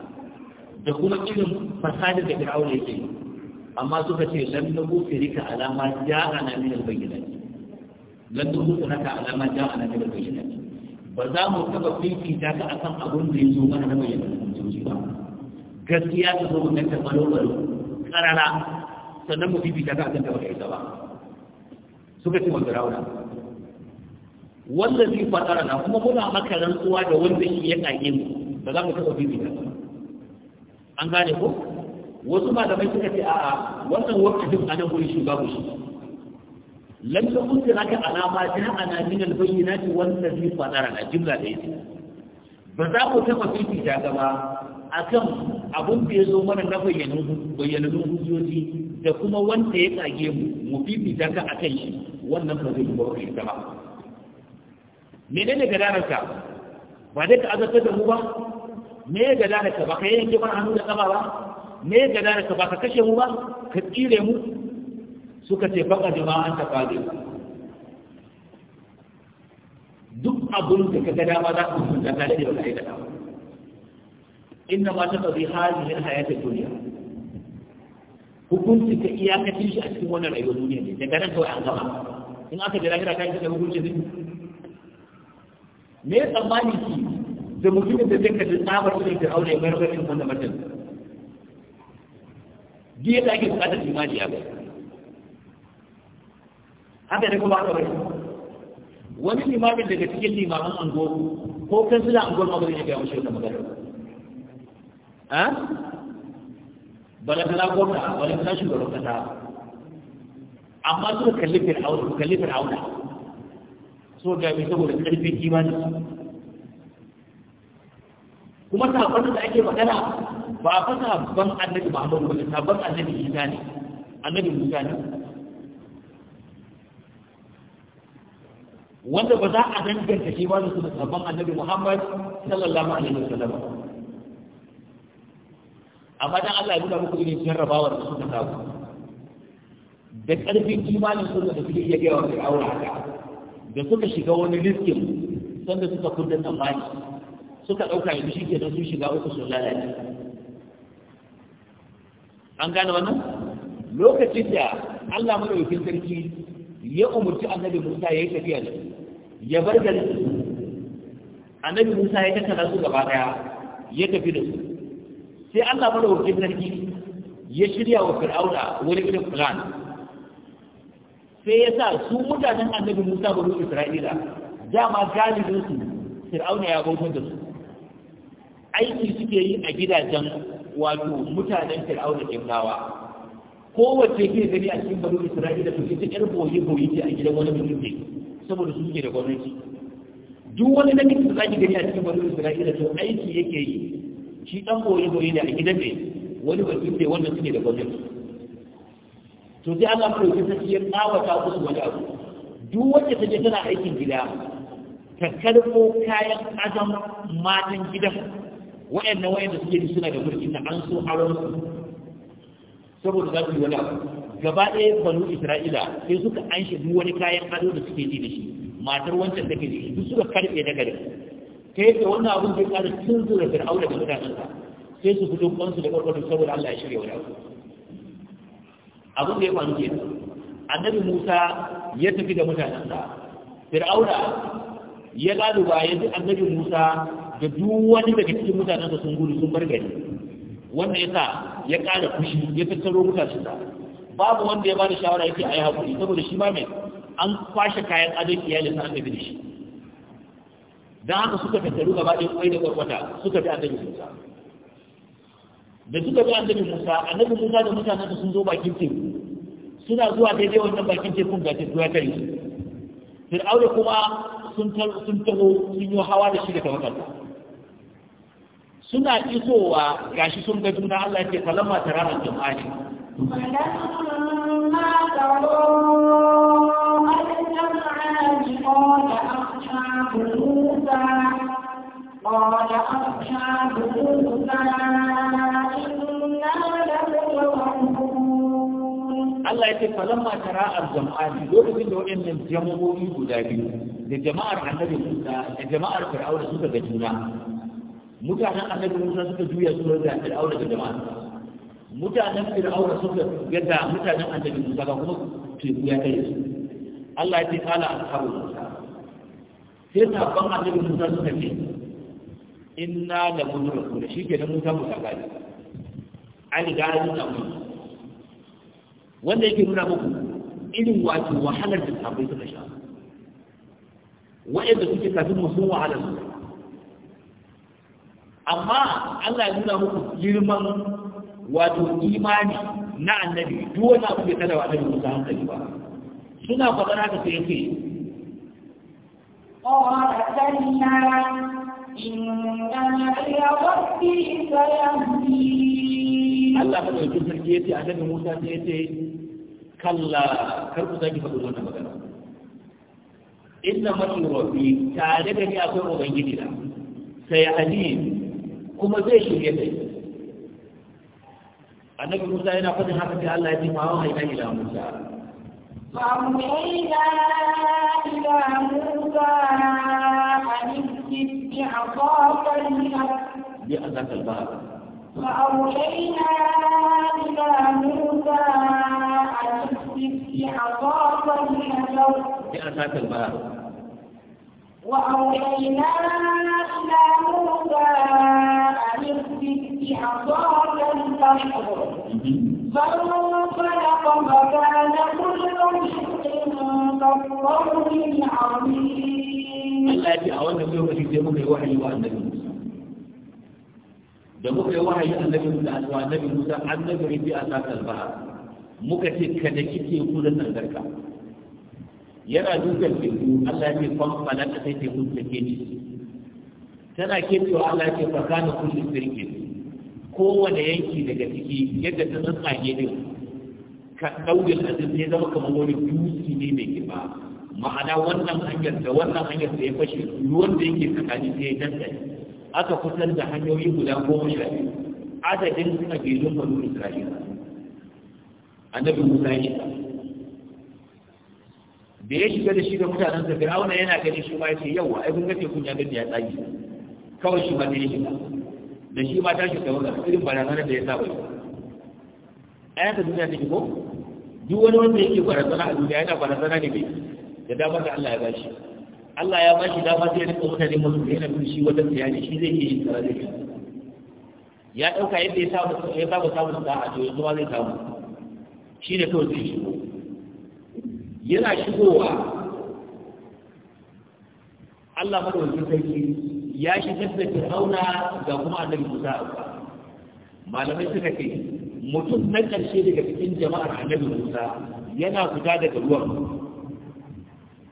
da kuma irin fasadi da fir'aun ya ke amma suka ce lam nabu rika alama ja'ana min al lan lam nabu firika alama na min al-bayyinat ba za mu taba fifita ka akan abin da zo mana na bayyana hujjoji ba gaskiya ta zo mun ta balo balo karara sannan mu fifita ka akan da ka yi ba suka ce wa fir'auna wanda zai fatara na kuma muna maka rantsuwa da wanda shi ya kage mu ba za mu taɓa bibita an gane ko wasu malamai suka ce a'a wannan wakilin a nan gurin shi babu shi lam kunta naka alama ja'ana min al-bayyinati zai ladhi na jimla da yake ba za ku taɓa fifita gaba akan abun da ya zo mana na bayyana hujjoji da kuma wanda ya tsage mu mu fifita ka akan shi wannan ba zai yi ba ba menene gadanarka ba dai ka azabtar da mu ba me gadanarka ba ka yanke mana hannu da kaba ba me gadanarka ba ka kashe mu ba ka tsire mu suka ce baka an ta fage duk abun da ka ga dama za ku da ta dade ba ka aikata ba inna ma ta qadi hadhihi al-hayati ad-dunya hukunci ka iyakacin shi a cikin wannan rayuwar duniya ne daga nan kawai an gama in aka jira yi ta da hukunci zai me ya tsammani ki da mutumin da zai kaji tsabar irin da aure mai rabar cikin wanda mutum biye da ake bukatar imani a bai haka da kuma haka wani limamin daga cikin limamin ango ko kan suna angon ma bai ya mushi wannan magana a bala kana gwamna bala kana shugaban kasa amma suka kalli fir'auna kalli fir'auna so ga mai saboda ƙarfin imani kuma sahabban da ake magana ba a fasa ban annabi Muhammadu ba sahabban annabi Isa ne annabi Musa ne wanda ba za a danganta shi ba su da sabon annabi Muhammad sallallahu alaihi wasallam amma dan Allah ya nuna muku irin jarrabawar da suka samu da ƙarfin imanin sun da suke iya gaya wa fir'auna haka da suka shiga wani liskin sanda suka kudin tsammani suka ɗauka yanzu shi ke sun shiga uku su lalace an gane wannan lokacin da Allah madaukakin sarki ya umarci annabi Musa ya yi tafiya da ya bar gari annabi Musa ya tattara su gaba daya ya tafi da su sai Allah madaukakin sarki ya shirya wa Fir'auna wani irin plan sai ya sa su mutanen annabi musa banu isra'ila dama galibin su fir'auna ya bautar da su aiki suke yi a gidajen wato mutanen fir'auna kimnawa kowace ke gani a cikin banu isra'ila to ita yar boye boye ce a gidan wani mutum ne saboda su ke da gwamnati duk wani namiji da zaki gani a cikin banu isra'ila to aiki yake yi shi dan boye boye ne a gidan ne wani mutum ne wannan suke da gwamnati to sai Allah ya ɗauki cikin ya ta musu wani abu duk wacce ta je tana aikin gida ta karɓo kayan adam matan gidan waɗannan waɗanda suke ji suna da mulki na an so aron su saboda za su yi wani abu gaba ɗaya banu isra'ila sai suka anshi duk wani kayan ado da suke ji da shi matar wancan take da shi duk suka karɓe na garin ta yadda wannan abin zai ƙara tunzura fir'auna da mutanensa sai su fito kwansu da ƙwarƙwarin saboda Allah ya shirya wani abu abin da ya faru ke annabi musa ya tafi da mutanensa fir'auna ya gano ba ya ji annabi musa da duk wani daga cikin mutanensa sun gudu sun bar gari wannan ya sa ya ƙara fushi ya tattaro mutanen sa babu wanda ya bada shawara yake a yi haƙuri saboda shi ma mai an kwashe kayan adon iyali sa an tafi da shi don haka suka tattaru gaba ɗaya kwai da kwarkwata suka bi annabi musa da suka bi annabi musa annabi musa da mutanen sun zo bakin teku suna zuwa daidai wannan bakin tekun ga teku ya kare su fir'auna kuma sun taho sun yi hawa da shi da tawakkal suna isowa gashi sun ga juna Allah ke falamma tararar jama'ani قال أصحاب موسى إنا لمدركون Allah ya ce falamma tara al-jam'ati lokacin da waɗannan jama'o'i guda biyu da jama'ar annabi Musa da jama'ar Fir'auna suka ga juna mutanen annabi Musa suka juya su da Fir'auna da jama'a mutanen Fir'auna suka yadda mutanen annabi Musa ga kuma teku ya kai su Allah ya ce kala ashabu Musa sai sabon annabi Musa suka ce inna la mudrakun shikenan Musa mutaka ne an riga ya nuna wanda yake nuna muku irin wato wahalar da sahabbai suka sha wa'anda suke kafin mu sun wahala su amma Allah ya nuna muku girman wato imani na annabi duk wani abu da kada wa annabi musa hankali ba suna faɗa haka sai yake Allah ka ɗauki sarki ya ce annabi Musa sai ya ce kalla kar ku sake faɗin wannan magana inna mafi rafi tare da ni akwai ubangiji na sai hali kuma zai shirye kai annabi musa yana faɗin haka sai allah ya ce ma wahayi na ila musa فأوحينا إلى موسى أن اكتب بعصاك البحر فأوحينا إلى موسى بأساس الحجر بأساس البلاغ وأوحينا إلى موسى أن اهبط بأساس البحر فانطلق فكان كل كالطول العظيم. الله يجزي أولا في يوم الجمعة يوحي وأنبي da muka yi wahayi annabi Musa annabi Musa annabi Rabbi a sakal bahar muka ce ka da kike ku da sandarka yana dukan teku Allah ya ce fanfala ta sai teku ta ke ni tana kebewa Allah ya ce kana kullu sirkin kowane yanki daga ciki yadda ta tsatsage ne ka daure aziz ne zama kamar wani dutse ne mai kiba ma'ana wannan hanyar da wannan hanyar da ya fashe ruwan da yake tsakani sai ya aka kusan da hanyoyi guda goma sha biyu adadin gidan banu isra'ila annabi Musa ya shiga da ya shiga da shi da mutanen sa Fir'auna yana gani shi ma yace yawa ai kun gace kun ya gani ya tsaki? kawai shi ma ya shiga da shi ma ta shiga wannan irin barazanar da ya saba ta duniya take ko duk wani wanda yake barazana a duniya yana barazana ne bai da damar da Allah ya bashi Allah ya bashi dama sai ya rika mutane masu yana bin shi wajen tsayani shi zai iya shi tsara zai ya dauka yadda ya saba ya saba samun da a yanzu zuwa zai samu shi ne kawai zai shigo yana shigowa Allah madawacin sarki ya shigar da fir'auna ga kuma annabi Musa a malamai suka ce mutum na ƙarshe daga cikin jama'ar annabi Musa yana fita daga ruwan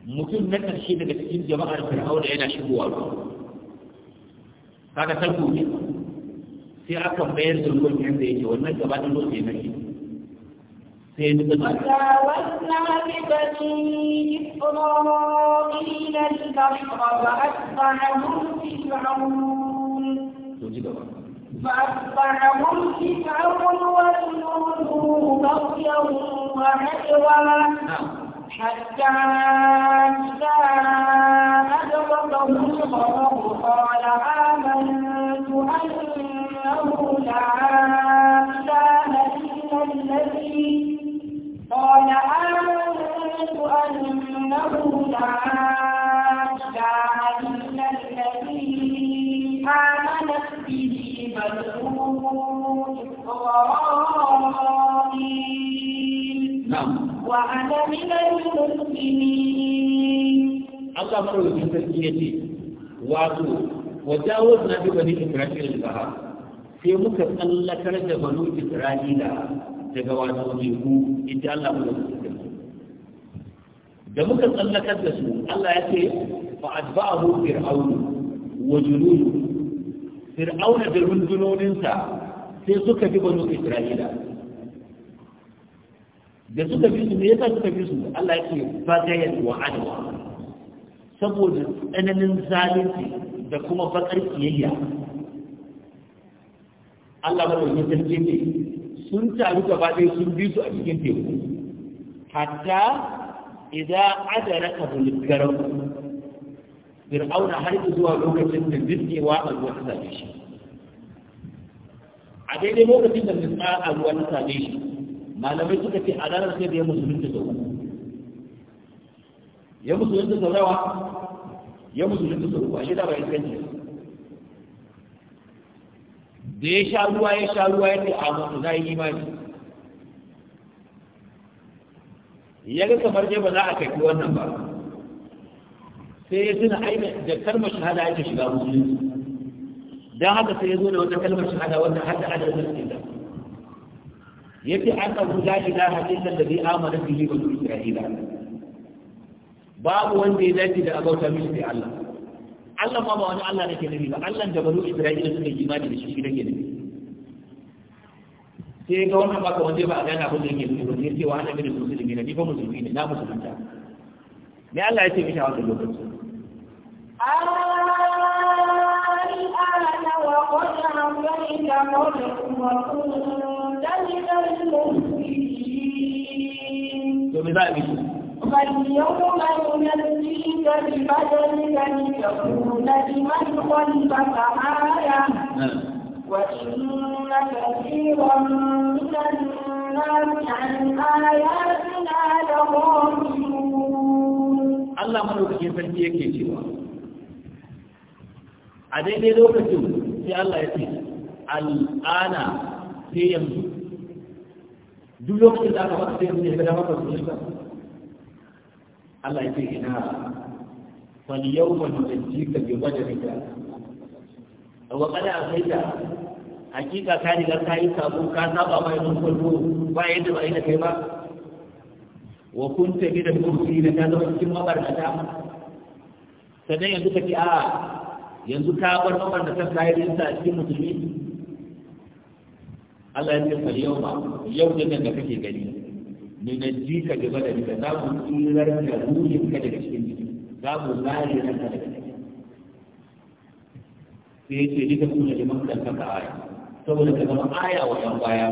mutum na ƙarshe daga cikin jama'ar fir'auna yana shigowa ruwan kaga tarko ne sai aka mayar da ruwan yadda yake wannan gaba da ruwan ya وجاوزنا ببني إسرائيل البحر فأتبعهم فرعون وجنوده بغيا وعدوا حتى إذا أدركه الغرق قال آمنت أنه لا إله إلا الذي Wato, wata wata na duk wani Ibrahim da ba, sai muka tsallakar da banu daga wato ku ita Allah mu da su da muka tsallakar da su Allah ya ce fa adba'ahu fir'aun wa junudu fir'auna da rundunoninsa sai suka bi banu isra'ila da suka bi su ya yasa suka bi su Allah ya ce gayat wa adwa saboda tsananin zalunci da kuma bakar kiyayya Allah madaukakin sarki ne sun taru gaba ɗaya sun bi su a cikin teku hatta idan adara ka bulgarar fir'auna har zuwa lokacin da zirgewa a ruwa ta shi a daidai lokacin da nisa a ruwa ta shi malamai suka ce a ranar sai da ya musulun da uku ya musulunta da rawa ya musulun da uku a shida ba iskanci da ya sha ruwa ya sha ruwa ya ce za a yi imani ya ga kamar ba za a tafi wannan ba sai ya tuna aina da kalmar shahada ake shiga musulunci don haka sai ya zo da wata kalmar shahada wanda hada hada da suke da ya ce an ɗauki za ilaha illa da zai amana yi wa isra'ila babu wanda ya dace da abauta mishi sai Allah Allah ma ba wani Allah da ke nabi ba Allah da banu Isra'ila suka yi imani da shi nake nabi sai ga wannan baka wanda ba a gane abin da yake nufi ba sai cewa ana gani musulmi ne ni fa musulmi ne na musulunta me Allah ya ce mishi a wannan lokaci الآن وقد عصيت قبل وكنت من المفسدين. Allah malaukacin sarki yake cewa, A daidai lokacin sai Allah ya ce, Al’ana sai yanzu, duk lokacin da aka masu sai yanzu ya zama masu shi Allah yake ina wal yawma nunjika bi badrika wa qad afaita hakika ka riga ka yi sabu ka saba mai don kullu ba yadda ba ina kai ba wa kunta bi da kursi da ka zama cikin mabarkata sannan yanzu ka ce a yanzu ka bar mabarkata ka yi rinsa a cikin musulmi Allah ya ce fal yawma yau ne nan da kake gani ninajika da madadinka za mu tsirar da ruhinka daga cikin jiki za mu zare ranka daga cikin sai ya ce duka kuna da makaranta ka aya saboda ka zama aya wa yan baya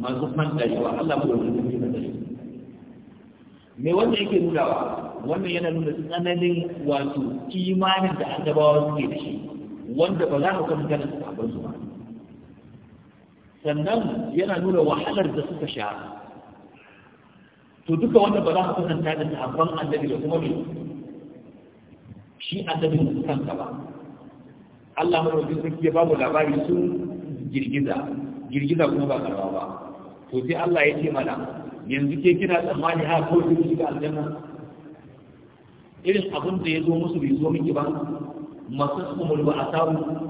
masu fantashiwa Allah ko wani zai ka tare me wannan yake nunawa wannan yana nuna tsananin wato imanin da annabawa suke da shi wanda ba za ka kan gana su ba sannan yana nuna wahalar da suka sha to duka wanda ba za ku kusanta da sahabban annabi da kuma mai shi annabi da kanka ba Allah madaukakin sarki ya babu labari sun girgiza girgiza kuma ba karba ba to sai Allah ya ce mana yanzu ke kina tsammani ha ko kin shiga aljanna irin abin da ya zo musu bai zo miki ba masu umul ba a samu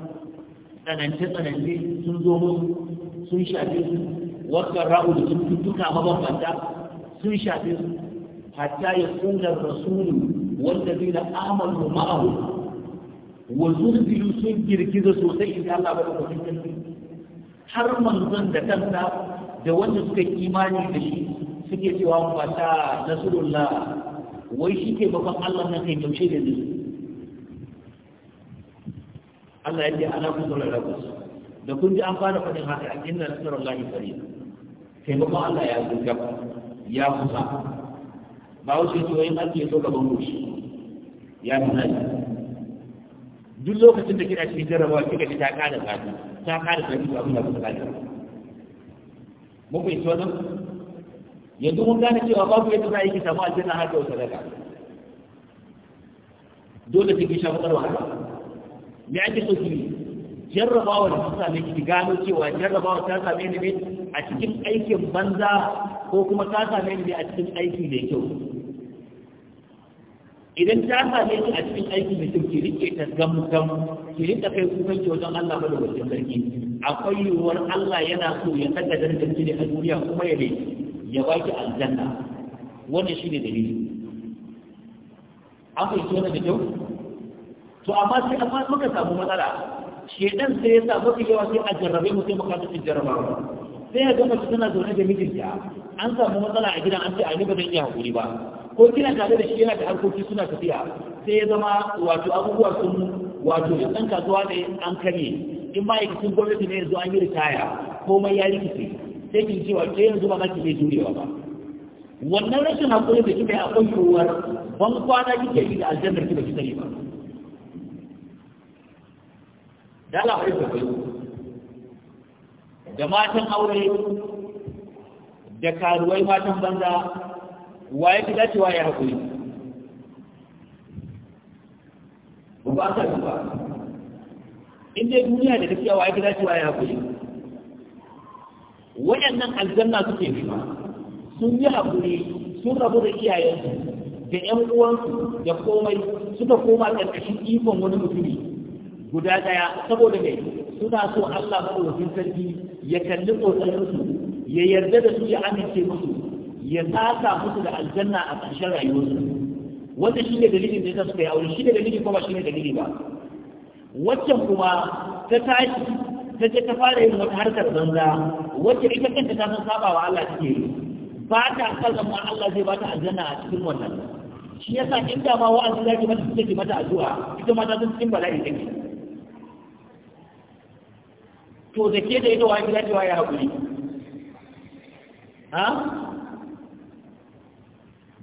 tsanance tsanance sun zo musu sun shafe su wasu ra'u da sun tuttuka mabambanta sun shafe su hatta ya kunna rasulu wanda zai na amalu ma'ahu wa zurzilu sun girgiza sosai in Allah ba da kwatantar har manzon da kansa da wanda suka yi imani da shi suke cewa fata nasrullah wai shi ke bakon Allah na kai taushe da ni Allah ya ce ana kun da rabus da kun ji an fara faɗin haka inna nasrullahi qarib sai bakon Allah ya zuga ya kusa ba wuce to yin ake so gaban goshi ya fi shi duk lokacin da kina cikin jarabawa kika ji ta kada zafi ta kada zafi ba kuma kusa kada mun fahimci wannan yanzu mun gane cewa babu yadda za a yi ki samu aljanna har da daga dole ki kisha matsar wahala me ake so ki jarrabawa da ta same ki gano cewa jarrabawa ta same ni ne a cikin aikin banza ko kuma ta same ni a cikin aiki mai kyau idan ta same ni a cikin aiki mai kyau ki rike ta gamgam ki rike kai kukan ki wajen Allah bada wajen sarki akwai yiwuwar Allah yana so ya saka darajar ki ne a duniya kuma ya ne ya baki aljanna wannan shine dalili an fahimci wannan da kyau to amma sai amma muka samu matsala shedan sai ya sa mafi yawa sai a jarrabe mu sai mu kasa jarrabawa sai ya gama tana zaune da mijinta an samu matsala a gidan an ce ai ba zan iya hakuri ba ko kina tare da shi yana da harkoki suna tafiya sai ya zama wato abubuwa sun wato ya san kasuwa ne an karye in ma'aikacin gwamnati ne yanzu an yi ritaya komai ya rikice sai kin cewa ke yanzu ba za ki bai jurewa ba wannan rashin hakuri da kika yi akwai yiwuwar ban kwana kike yi da aljannar ki ba ki sani ba da Allah ya da matan aure da karuwai matan banza wa ya fi dacewa ya haƙuri ba ba sa ba. in dai duniya da tafiya, wa ya fi dacewa ya haƙuri waɗannan aljanna suke ma sun yi haƙuri sun rabu da iyayensu da ƴan uwansu da komai suka koma ƙarƙashin ikon wani mutumi guda ɗaya saboda mai suna so Allah madaukakin sarki ya kalli ƙoƙarinsu ya yarda da su ya amince musu ya saka musu da aljanna a ƙarshen rayuwarsu wanda shi ne dalilin da ya suka yi aure shi ne dalilin kuma ba shi ne dalili ba waccan kuma ta tashi ta je ta fara yin wata harkar banza wacce ita kanta ta san saba wa Allah take yi ba ta kallon ma Allah zai ba ta aljanna a cikin wannan shi yasa in da ma wa'azi zaki mata take mata addu'a ita ma ta san cikin bala'i take to da ke da ita wa gida cewa ya haƙuri ha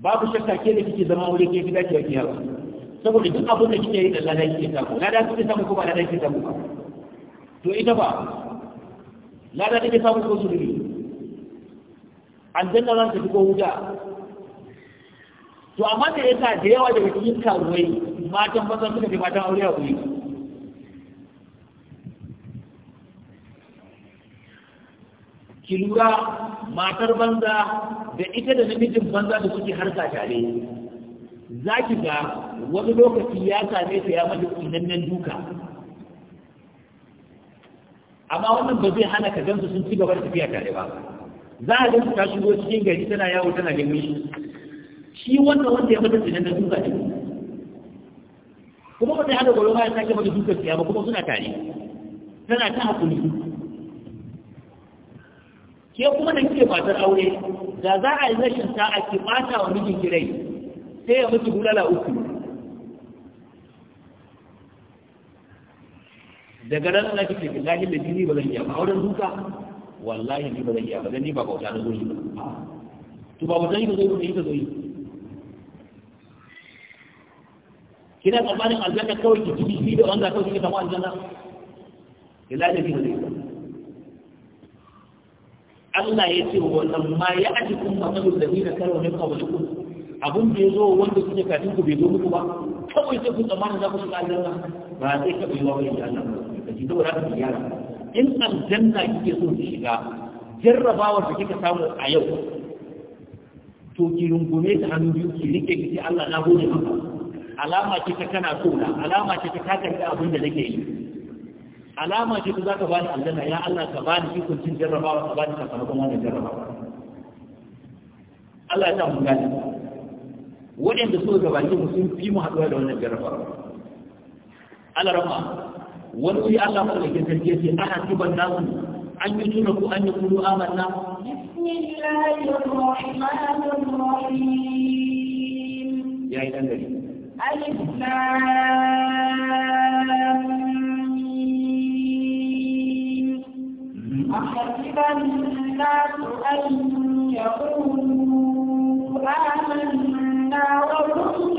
babu shakka ke da kike zama wuri ke gida cewa ki haƙuri saboda duk abin da kike yi da lada kike samu lada kike samu kuma ba lada kike samu ba to ita ba lada kike samu ko su dubi aljanna za ta fi ko wuta to amma da yasa da yawa daga cikin karuwai matan maza suka fi matan aure a kuri ki lura matar banza da ita da namijin banza da suke harka tare za ki ga wani lokaci ya same ta ya mace kunannen duka amma wannan ba zai hana ka gansu sun ci gaba da tafiya tare ba za a gansu ta shigo cikin gari tana yawo tana ganin shi shi wannan wanda ya mata kunannen duka ne kuma ba zai hana ma ya sake mata duka ya ba kuma suna tare tana ta hakuri ke kuma da kike matar aure da za a yi rashin ta a ki bata wa mijin kirai sai ya mutu hulala uku daga nan Allah kike billahi da jini ba zan iya ba auren duka wallahi ni ba zan iya ba zan ni ba bauta na zoyi ba to ba wajen yi ba zoyi ba yi ba zoyi kina tsammanin aljanna kawai ki ji da wanda kawai kike samu aljanna billahi da jini Allah ya ce wa lamma ya aji kun ajikum matsalul karo ne ka wuce abun da yazo wanda kuke kafin ku bai zo muku ba kawai sai ku tsammanin za ku shiga aljanna ba sai ka bai wani wani Allah ba ji dora ka yara in aljanna kike so ki shiga jarrabawar da kika samu a yau to ki rungume ta hannu biyu ki rike ki Allah na gode maka alama ce ta kana so na alama ce ta ka karɓi abin da nake yi alama ce za ka bani aljanna ya Allah ka bani ikon cin jarrabawa ka bani sakamakon wannan jarrabawa Allah ya sa mu gane waɗanda suka gabace mu sun fi mu haɗuwa da wannan jarrabawa Allah rahma wani wuri Allah madaukakin sarki ya ce ana tuban nasu an yi tuna ku an yi kulu amanna Bismillahirrahmanirrahim ya yi dan gari alif lam na Allah mana wajen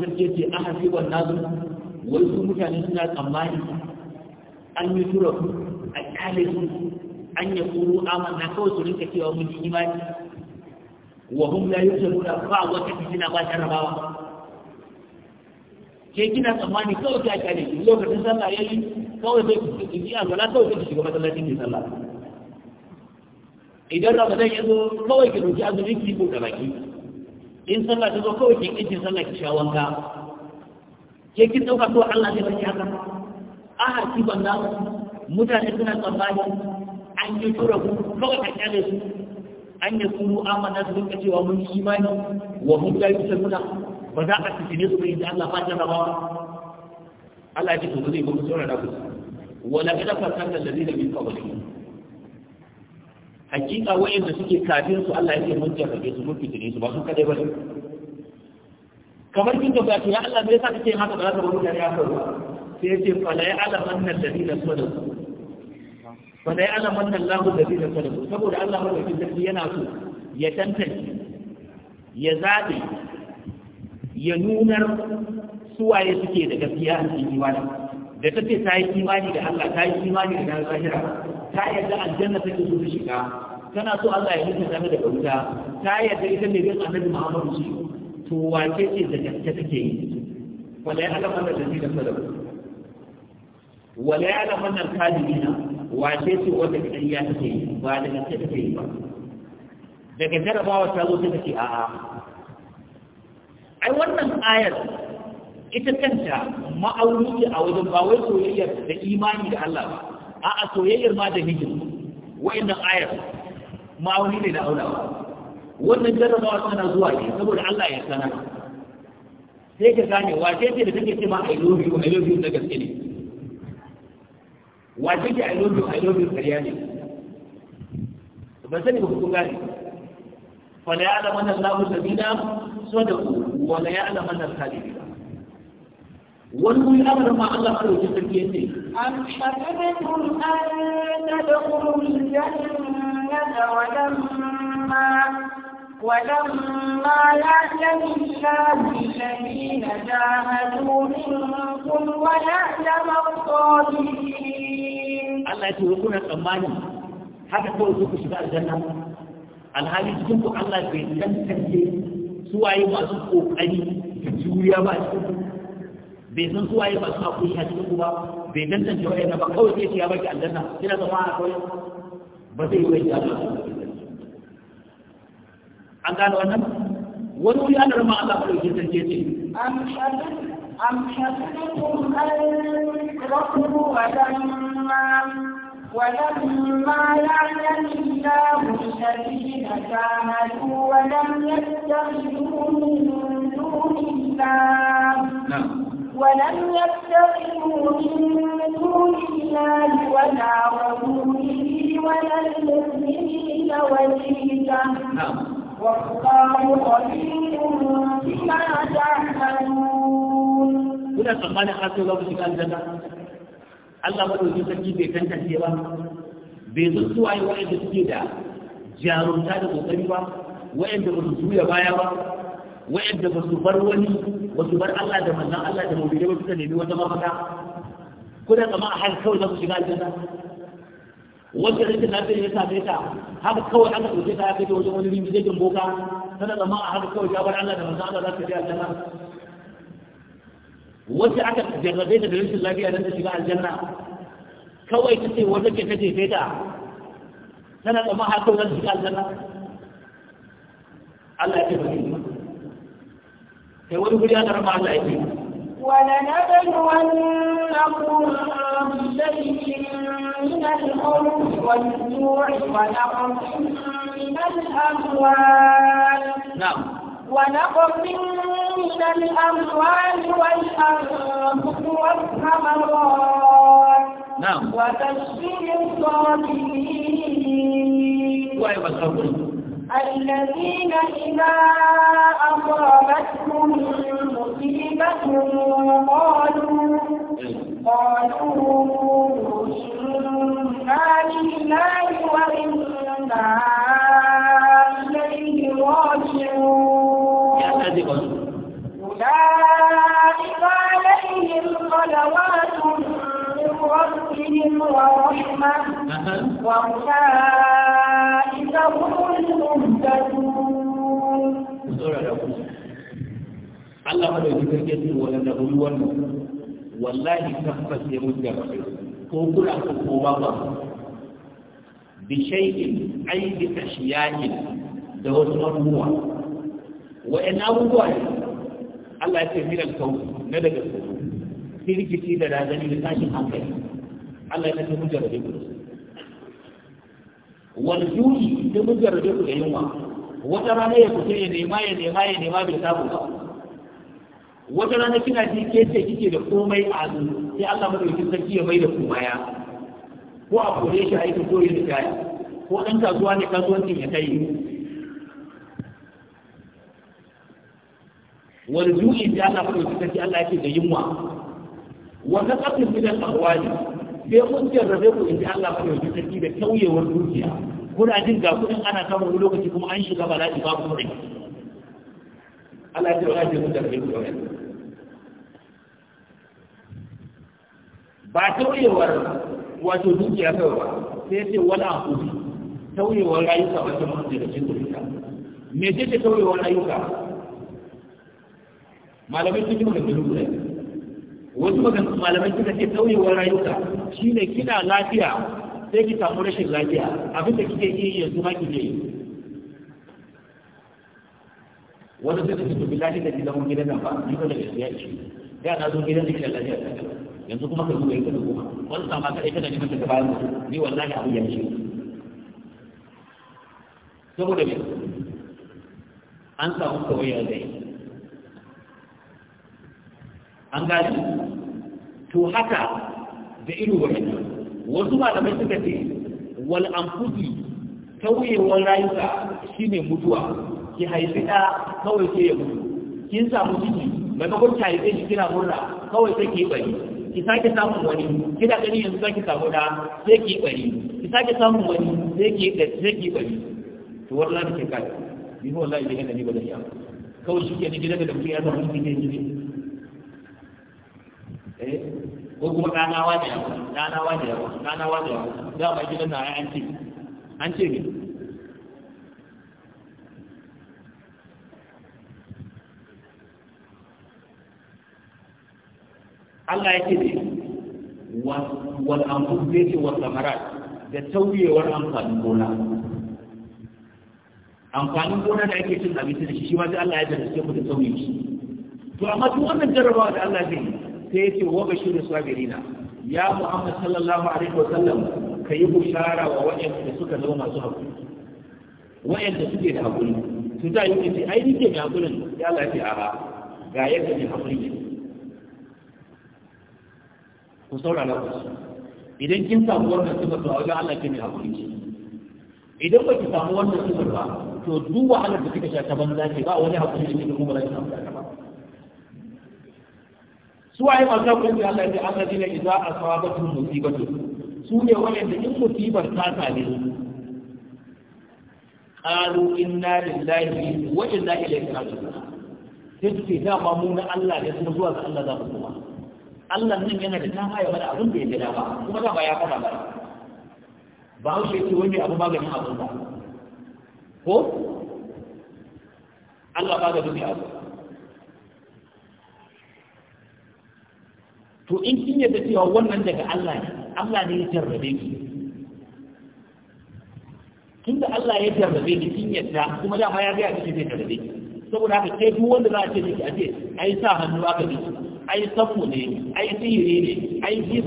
karfe ce, "Aha fi wannan zuwa?" wai su mutane suna tsammani an yi tura su a kyale su an yi kuru amanna kawai su rinka cewa mun yi imani wa hum la yusalluna ba wata fitina ba jarabawa ke kina tsammani kawai ta kyale su lokacin sallah yayi kawai sai ku ji a wala kawai sai ki shiga masallacin ki sallah idan ramadan ya zo kawai ki dauki azumin ki ko da baki in sallah ta zo kawai ki kici sallah ki sha wanka ke kin dauka to Allah zai baki haka a harki banda mutane suna tsammani an yi tura ku kawai a kyale su an yi kuru amana su dinka cewa mun yi imani wa mun ga yi suna ba za a tsine su bai da Allah fata rabawa Allah ya ce to zai gudu saurara ku wala kada farkan da ladina min qablihim hakika wa'anda suke kafin su Allah ya ce mun jarrabe su mun fitine su ba su kadai ba ne kamar kin tabbata ya Allah me yasa kake haka da za ka bar mutane haka ba sai yace fala ya alaman nan ladina sadaku fala ya alaman nan lahu ladina sadaku saboda Allah madaukakin sarki yana so ya tantance ya zabe ya nunar suwaye suke da gaskiya a cikin imani da take ta yi imani da Allah ta yi imani da ranar ta yadda aljanna take so ta shiga tana so Allah ya mutunta ta da bauta ta yadda ita ne bin annabi Muhammadu shi to wace ce da gaske take yi wala ya alaman da tafi da sadaka wala ya alaman da kadibina wace ce wanda ƙarya take yi ba da gaske take yi ba daga jarabawa ta zo ta ce a'a ai wannan ayar ita kanta ma'auni a wajen ba wai soyayyar da imani da Allah ba a'a soyayyar ma da hijir wa'annan ayar ma'auni ne da aunawa wannan jarrabawa tana zuwa ne saboda Allah ya sana sai ka gane wace ce da take cewa a I love you na love you gaske ne wace ce a love you I love you kariya ne ban sani ba ku gane fa la ya'lamu anna Allahu sabila sadaqu wa la ya'lamu anna al-kadhibina والمؤمن أمر ما الله قالوا في التركية أم حسبتم an da الجنة ولما ولما يعلم الله الذين جاهدوا منكم ويعلم الصابرين الله يقول لك هذا هو kawai su الجنة alhali cikin ku Allah bai tantance suwaye masu kokari da juriya ba cikin bai san suwaye masu hakuri a cikin ku ba bai tantance wayannan ba kawai sai ya baki aljanna kina zama a kawai ba zai yi wai an gane wannan wani wuri an rama Allah ko yake sarki ce am shadid am an ولما يعلم الله الذين كاملوا ولم يتخذوا من دون الله ولم يتخذوا من دون الله ولا رسوله ولا المؤمنين وليدا Kuna tsammanin hasu za ku shiga aljanna? Allah ba ɗauki sarki bai tantance ba, bai zo su waye waɗanda suke da jarumta da ƙoƙari ba, waɗanda ba su juya baya ba, waɗanda ba su bar wani, ba su bar Allah da manzan Allah da mabida ba suka nemi wata mafaka. Kuna tsammanin har kawai za ku shiga aljanna? wanda na lafiyar ya same ta haka kawai aka ɗauke ta ya kai wajen wani zai boka tana zama a haka kawai gabar Allah da manzo Allah za ta je aljanna wacce aka jarrabe ta da rashin lafiya don ta shiga aljanna kawai ta ce wanda ke kace kai ta tana zama har kawai za ta shiga aljanna Allah ya ce ba kai wani guri aka rama Allah ya ce ولنبلونكم بشيء من الخوف والجوع ونقص من الأموال نعم ونقص من الأموال والأنفس والثمرات نعم وبشر الصابرين وأيها الصابرين الذين إذا أصابتهم مصيبة قالوا قالوا إنا لله وإنا إليه راجعون أولئك عليهم صلوات ربهم ورحمة وأولئك هم المهتدون Allah ma dauki sarki su waɗanda ba ruwan nan wallahi tabbas ya mutu ko kula ko ko ba ba bi shay'in ay bi ashiyain da wasu abubuwa wa'in abubuwa ne Allah ya ce min al na daga tsoro firgici da razani da tashin hankali Allah ya tafi mun ku wal juyi da mun jarrabe ku da yunwa wata rana ya fita ya nema ya nema ya nema bai samu ba wata rana kina ji ke ce kike da komai a zu sai Allah madaukakin sarki ya mai da ku baya ko a kore shi yi ko ya tsaya ko dan kasuwa ne kasuwancin ya kai wal juyi da Allah madaukakin sarki Allah yake da yunwa wata tsakin min al-amwali sai mun jarrabe ku inda Allah ba ya sarki da tauyewar dukiya kuna jin ga kudin ana kama wani lokaci kuma an shiga bala'i kuma rai Allah ya tsara mun jarrabe ku ba tauyewar wato dukiya kawai ba sai ce wala kudi tauyewar rayuka wata da cikin ku me ce tauyewar rayuka malamai sun yi da gudu wasu magan malamai suka ce tauyewar rayuka shine kina lafiya sai ki samu rashin lafiya abin da kike yi yanzu ma kike yi wani sai su tafi lafiya da gidan gidan nan ba ni ba da gaskiya ce da na zo gidan da kike lafiya yanzu kuma ka zuwa yanka da kuma wani sama ka ita da ni mutum bayan mutu ni wallahi abin ya saboda me an samu kawai ya zai an gane to haka da irin wa'annan wasu malamai suka ce wal anfusi tauyewar rayuka ne mutuwa ki haifi ɗa kawai sai ya mutu kin samu ciki maimakon ta haife shi kina murna kawai sai ke bari ki sake samun wani kina gani yanzu zaki samu da sai ke bari ki sake samun wani sai ke bari to lafi ke kai ni wallahi ne da ni ba da ya kawai shi ke ni gidan da mutum ya zama mutum ne eh ko kuma ɗanawa da yawa ɗanawa da yawa ɗanawa da yawa za mu gidan na an ce an ce ne Allah ya ce ne wal amfus zai ce wa samarat da tauyewar amfanin gona amfanin gona da ake cin abinci da shi shi ma sai Allah ya jarrace ku da tauye shi to amma duk wannan jarrabawa da Allah zai yi sai ya ce wa bashirin sabirina ya muhammad sallallahu alaihi wa sallam ka yi bushara wa waɗanda suka zama masu haƙuri waɗanda suke da haƙuri su ta yi ke ce ai nike mai haƙurin ya lafi a ga yadda mai haƙuri ne ku saurara ku idan kin samu wannan sifar ba wajen Allah ke mai haƙuri ce idan ba ki samu wannan sifar ba to duk wahalar da kika sha ta banza ce ba wani haƙuri da kuma ba za ki samu ba su waye masu hukunci Allah ya ce an rajina idza asabatu musibatu su ne wanda in musibar ta same su qalu inna lillahi wa inna ilaihi raji'un sai su ce dama mu na Allah ne kuma zuwa ga Allah za mu kuma Allah nan yana da ta haya mana abin da ya gida ba kuma za ba ya fara ba ba hau shi ce wani abu maganin abin ba ko Allah ba ga duniya abu to in kin yadda cewa wannan daga Allah ne Allah ne ya tarrabe ki tunda Allah ya jarrabe ki kin yadda kuma ma ya ga ya da zai ki saboda haka kai duk wanda za a ce miki a ce ai sa hannu aka bi ai safu ne ai tsire ne ai ki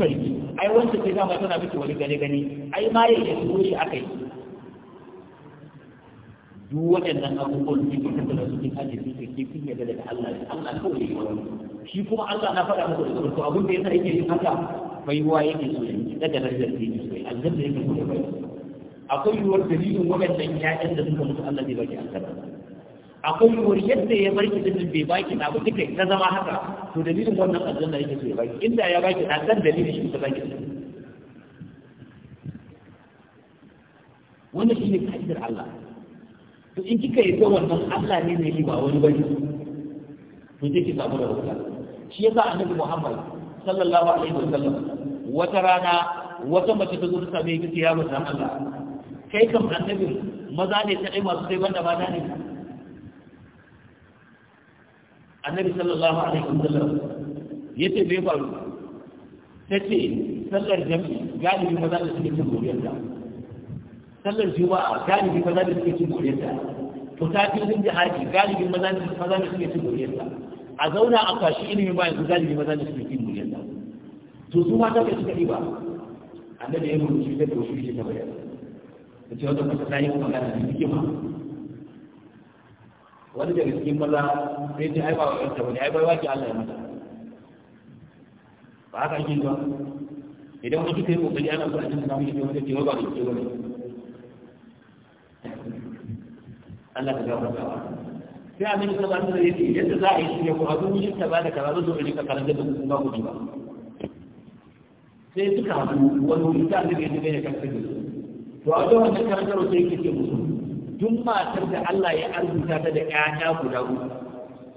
ai wanda kai dama tana miki wani gane gane ai ma ya yi shigo aka yi duk waɗannan abubuwan da suke tattara su kin aje su kin yadda daga Allah ne Allah kawai ya yi wani shi kuma Allah na faɗa muku da farko abin da yasa yake yin haka bai ruwa yake so yi daga darajar da yake so yi aljanna yake so bai akwai yiwuwar dalilin waɗannan ƴaƴan da suka mutu Allah zai baki aljanna akwai yiwuwar yadda ya barki dalilin bai baki na ba duka ta zama haka to dalilin wannan aljanna yake so ya baki inda ya baki na kan dalilin shi ta baki wannan ne kaidar Allah to in kika yi ta wannan Allah ne ne ba wani bane to sai ki samu da rabuwa shi yasa annabi Muhammad sallallahu alaihi wasallam wata rana wata mace ta zo ta same ki ya san Allah kai kam annabi maza ne ta kai masu sai banda ba ne annabi sallallahu alaihi wasallam yace bai faru tace sallar jami'i galibi maza da suke cin goriyar ta sallar juma'a galibi maza da suke cin goriyar ta to ta fi jihadi galibin maza da suke cin goriyar ta a zauna a kashi ilimin bayan su zalibi maza ne suke kin duniyar to su ma ta kai suka ɗiba annabi ya shi da to shi ta bayar ta ce wata kasa ta yi magana da hikima wani daga cikin maza sai ta haifa wa ɗanta wani haifa wa ki Allah ya mata ba haka ake ba idan wani kika yi kokari ana so a cikin samun shi wani ke ba da ke wani Allah ka gafarta wa sai a sallallahu alaihi wasallam ya yadda za a yi shi ne ko a duk ta ba da karatu zo ne ka karanta da kuma ku ba sai suka haɗu wani wuri ta annabi ya ce ne kan sani to a don wannan karantarwa sai yake ce musu duk matar da Allah ya arzuta ta da ƴaƴa guda uku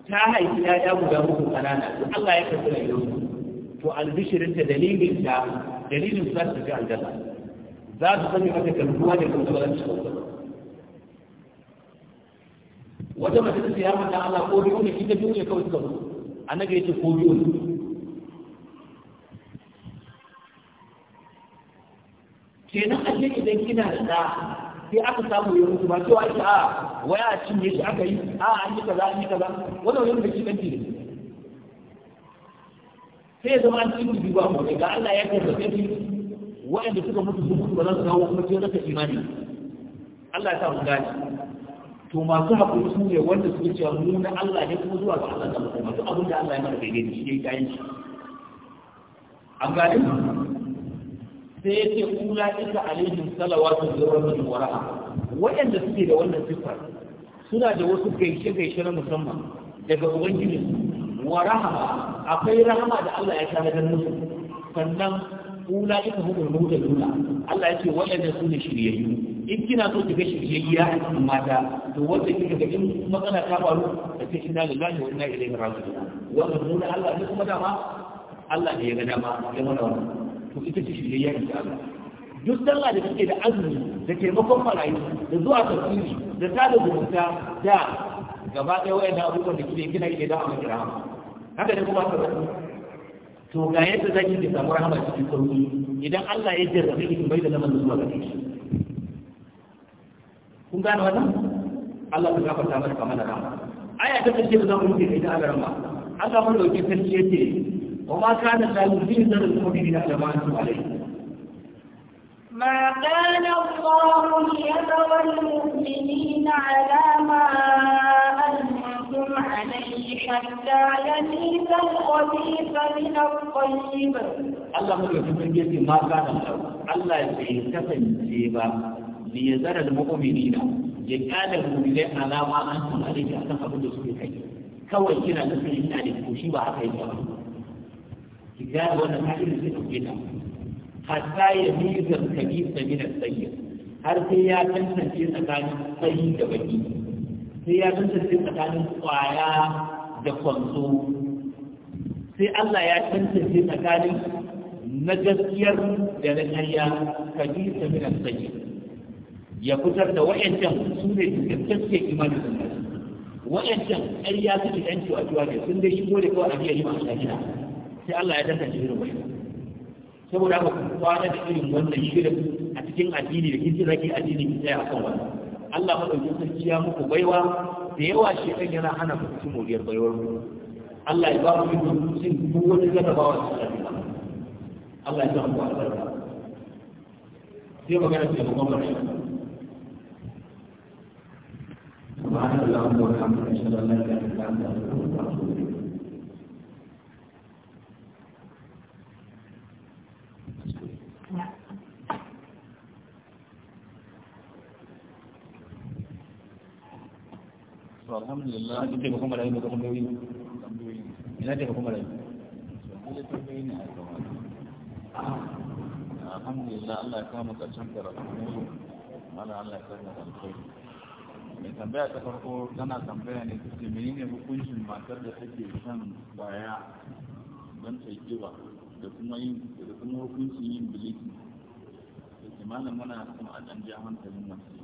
ta haifi ƴaƴa guda uku kanana to Allah ya karɓi rayuwarsu to albishirin ta dalilin ta dalilin su za su ga aljanna za su sani mata kalbuwa da kalbuwa da kalbuwa wata mace ta siya mata Allah ko biyu ne kita biyu ne kawai suka zo annabi yace ko biyu ne kenan ashe idan kina da da sai aka samu ya mutu ba cewa ita a waya a cinye shi aka yi a an yi kaza an yi kaza wannan wani da shi kanti ne sai zama an cikin biyu ba mu ga Allah ya karɓe shi waɗanda suka mutu su mutu ba za su kawo kuma sai rasa imani Allah ya sa mu gane to masu haƙuri su ne wanda suke cewa mu na Allah ne kuma zuwa ga Allah da mutum duk abin da Allah ya mana daidai shi yayi kayan shi an gane sai ya ce kula ita alaihim salawatu rabbil wa raha wayanda suke da wannan sifa suna da wasu gaishe gaishe na musamman daga ubangiji wa rahama akwai rahama da Allah ya tana dan musu sannan kula ita hukumar mutaluna Allah ya ce waɗanda su ne shiryayyu in kina so ki ga shiryayya mata to wanda kika ga in matsala ta faru da ce inna lillahi wa inna ilaihi raji'un wannan nuna Allah ne kuma dama Allah ne ya ga dama ya wannan to ita ce shiryayya in Allah duk sallah da kike da azumi da taimakon marayu da zuwa tafsiri da da zumunta da gaba ɗaya wayan abubuwan da kike kina yi da amma kira haka ne kuma ka to ga yadda zaki ki samu rahama cikin sauki idan Allah ya jarrabe ki bai da lamarin zuwa ga kun gane wannan Allah ta gafarta masa kamar da aya ta kace da zamu yi da Allah rama Allah mun dauke sarki yace wa ma kana zalimin da mu'minina da ma'anu alaihi ما كان الله ليذر المؤمنين على ما أنتم عليه حتى يميز الخبيث من الطيب. الله يقول ما كان الله الله يسكت الجيبة liyazara da mu'minina ya kada mu'minai alama an san alika akan abin da suke kai kawai kina da sun ina da ko shi ba haka yake ba ki ga wannan hadin da take da hatta ya miza kabisa min as-sayyid har sai ya tantance tsakanin sayi da baki sai ya tantance tsakanin kwaya da kwanso sai Allah ya tantance tsakanin na gaskiyar da na karya kabisa min as-sayyid ya fitar da wa'ancan su ne gaskiyar imanin sunna wa'ancan ai ya suke ɗan cewa cewa ne sun dai shigo da kawai abiyar yi masu shahida sai Allah ya tantance irin wa'ancan saboda haka ku kwana da irin wannan shirin a cikin addini da kin zaki addini ki tsaya kan wani, Allah madaukakin sarki ya muku baiwa da yawa shi kan yana hana ku cikin moriyar baiwar mu, Allah ya ba mu yi yin cin duk wani su da ba, Allah ya ba mu albarka sai magana ce mu kuma سبحان اللہ و حمد رسول اللہ علیہ وسلم اللہ علیہ وسلم Alhamdulillah, Alhamdulillah, Alhamdulillah, Alhamdulillah, Alhamdulillah, Alhamdulillah, Alhamdulillah, Alhamdulillah, Alhamdulillah, Alhamdulillah, Alhamdulillah, Alhamdulillah, Alhamdulillah, Alhamdulillah, Alhamdulillah, mai tambaya ta farko tana tambaya ne ta ce ne hukuncin matar da take shan baya don ta kiba da kuma yin da kuma hukuncin yin biliki da mana muna son a ɗan ja hankalin masu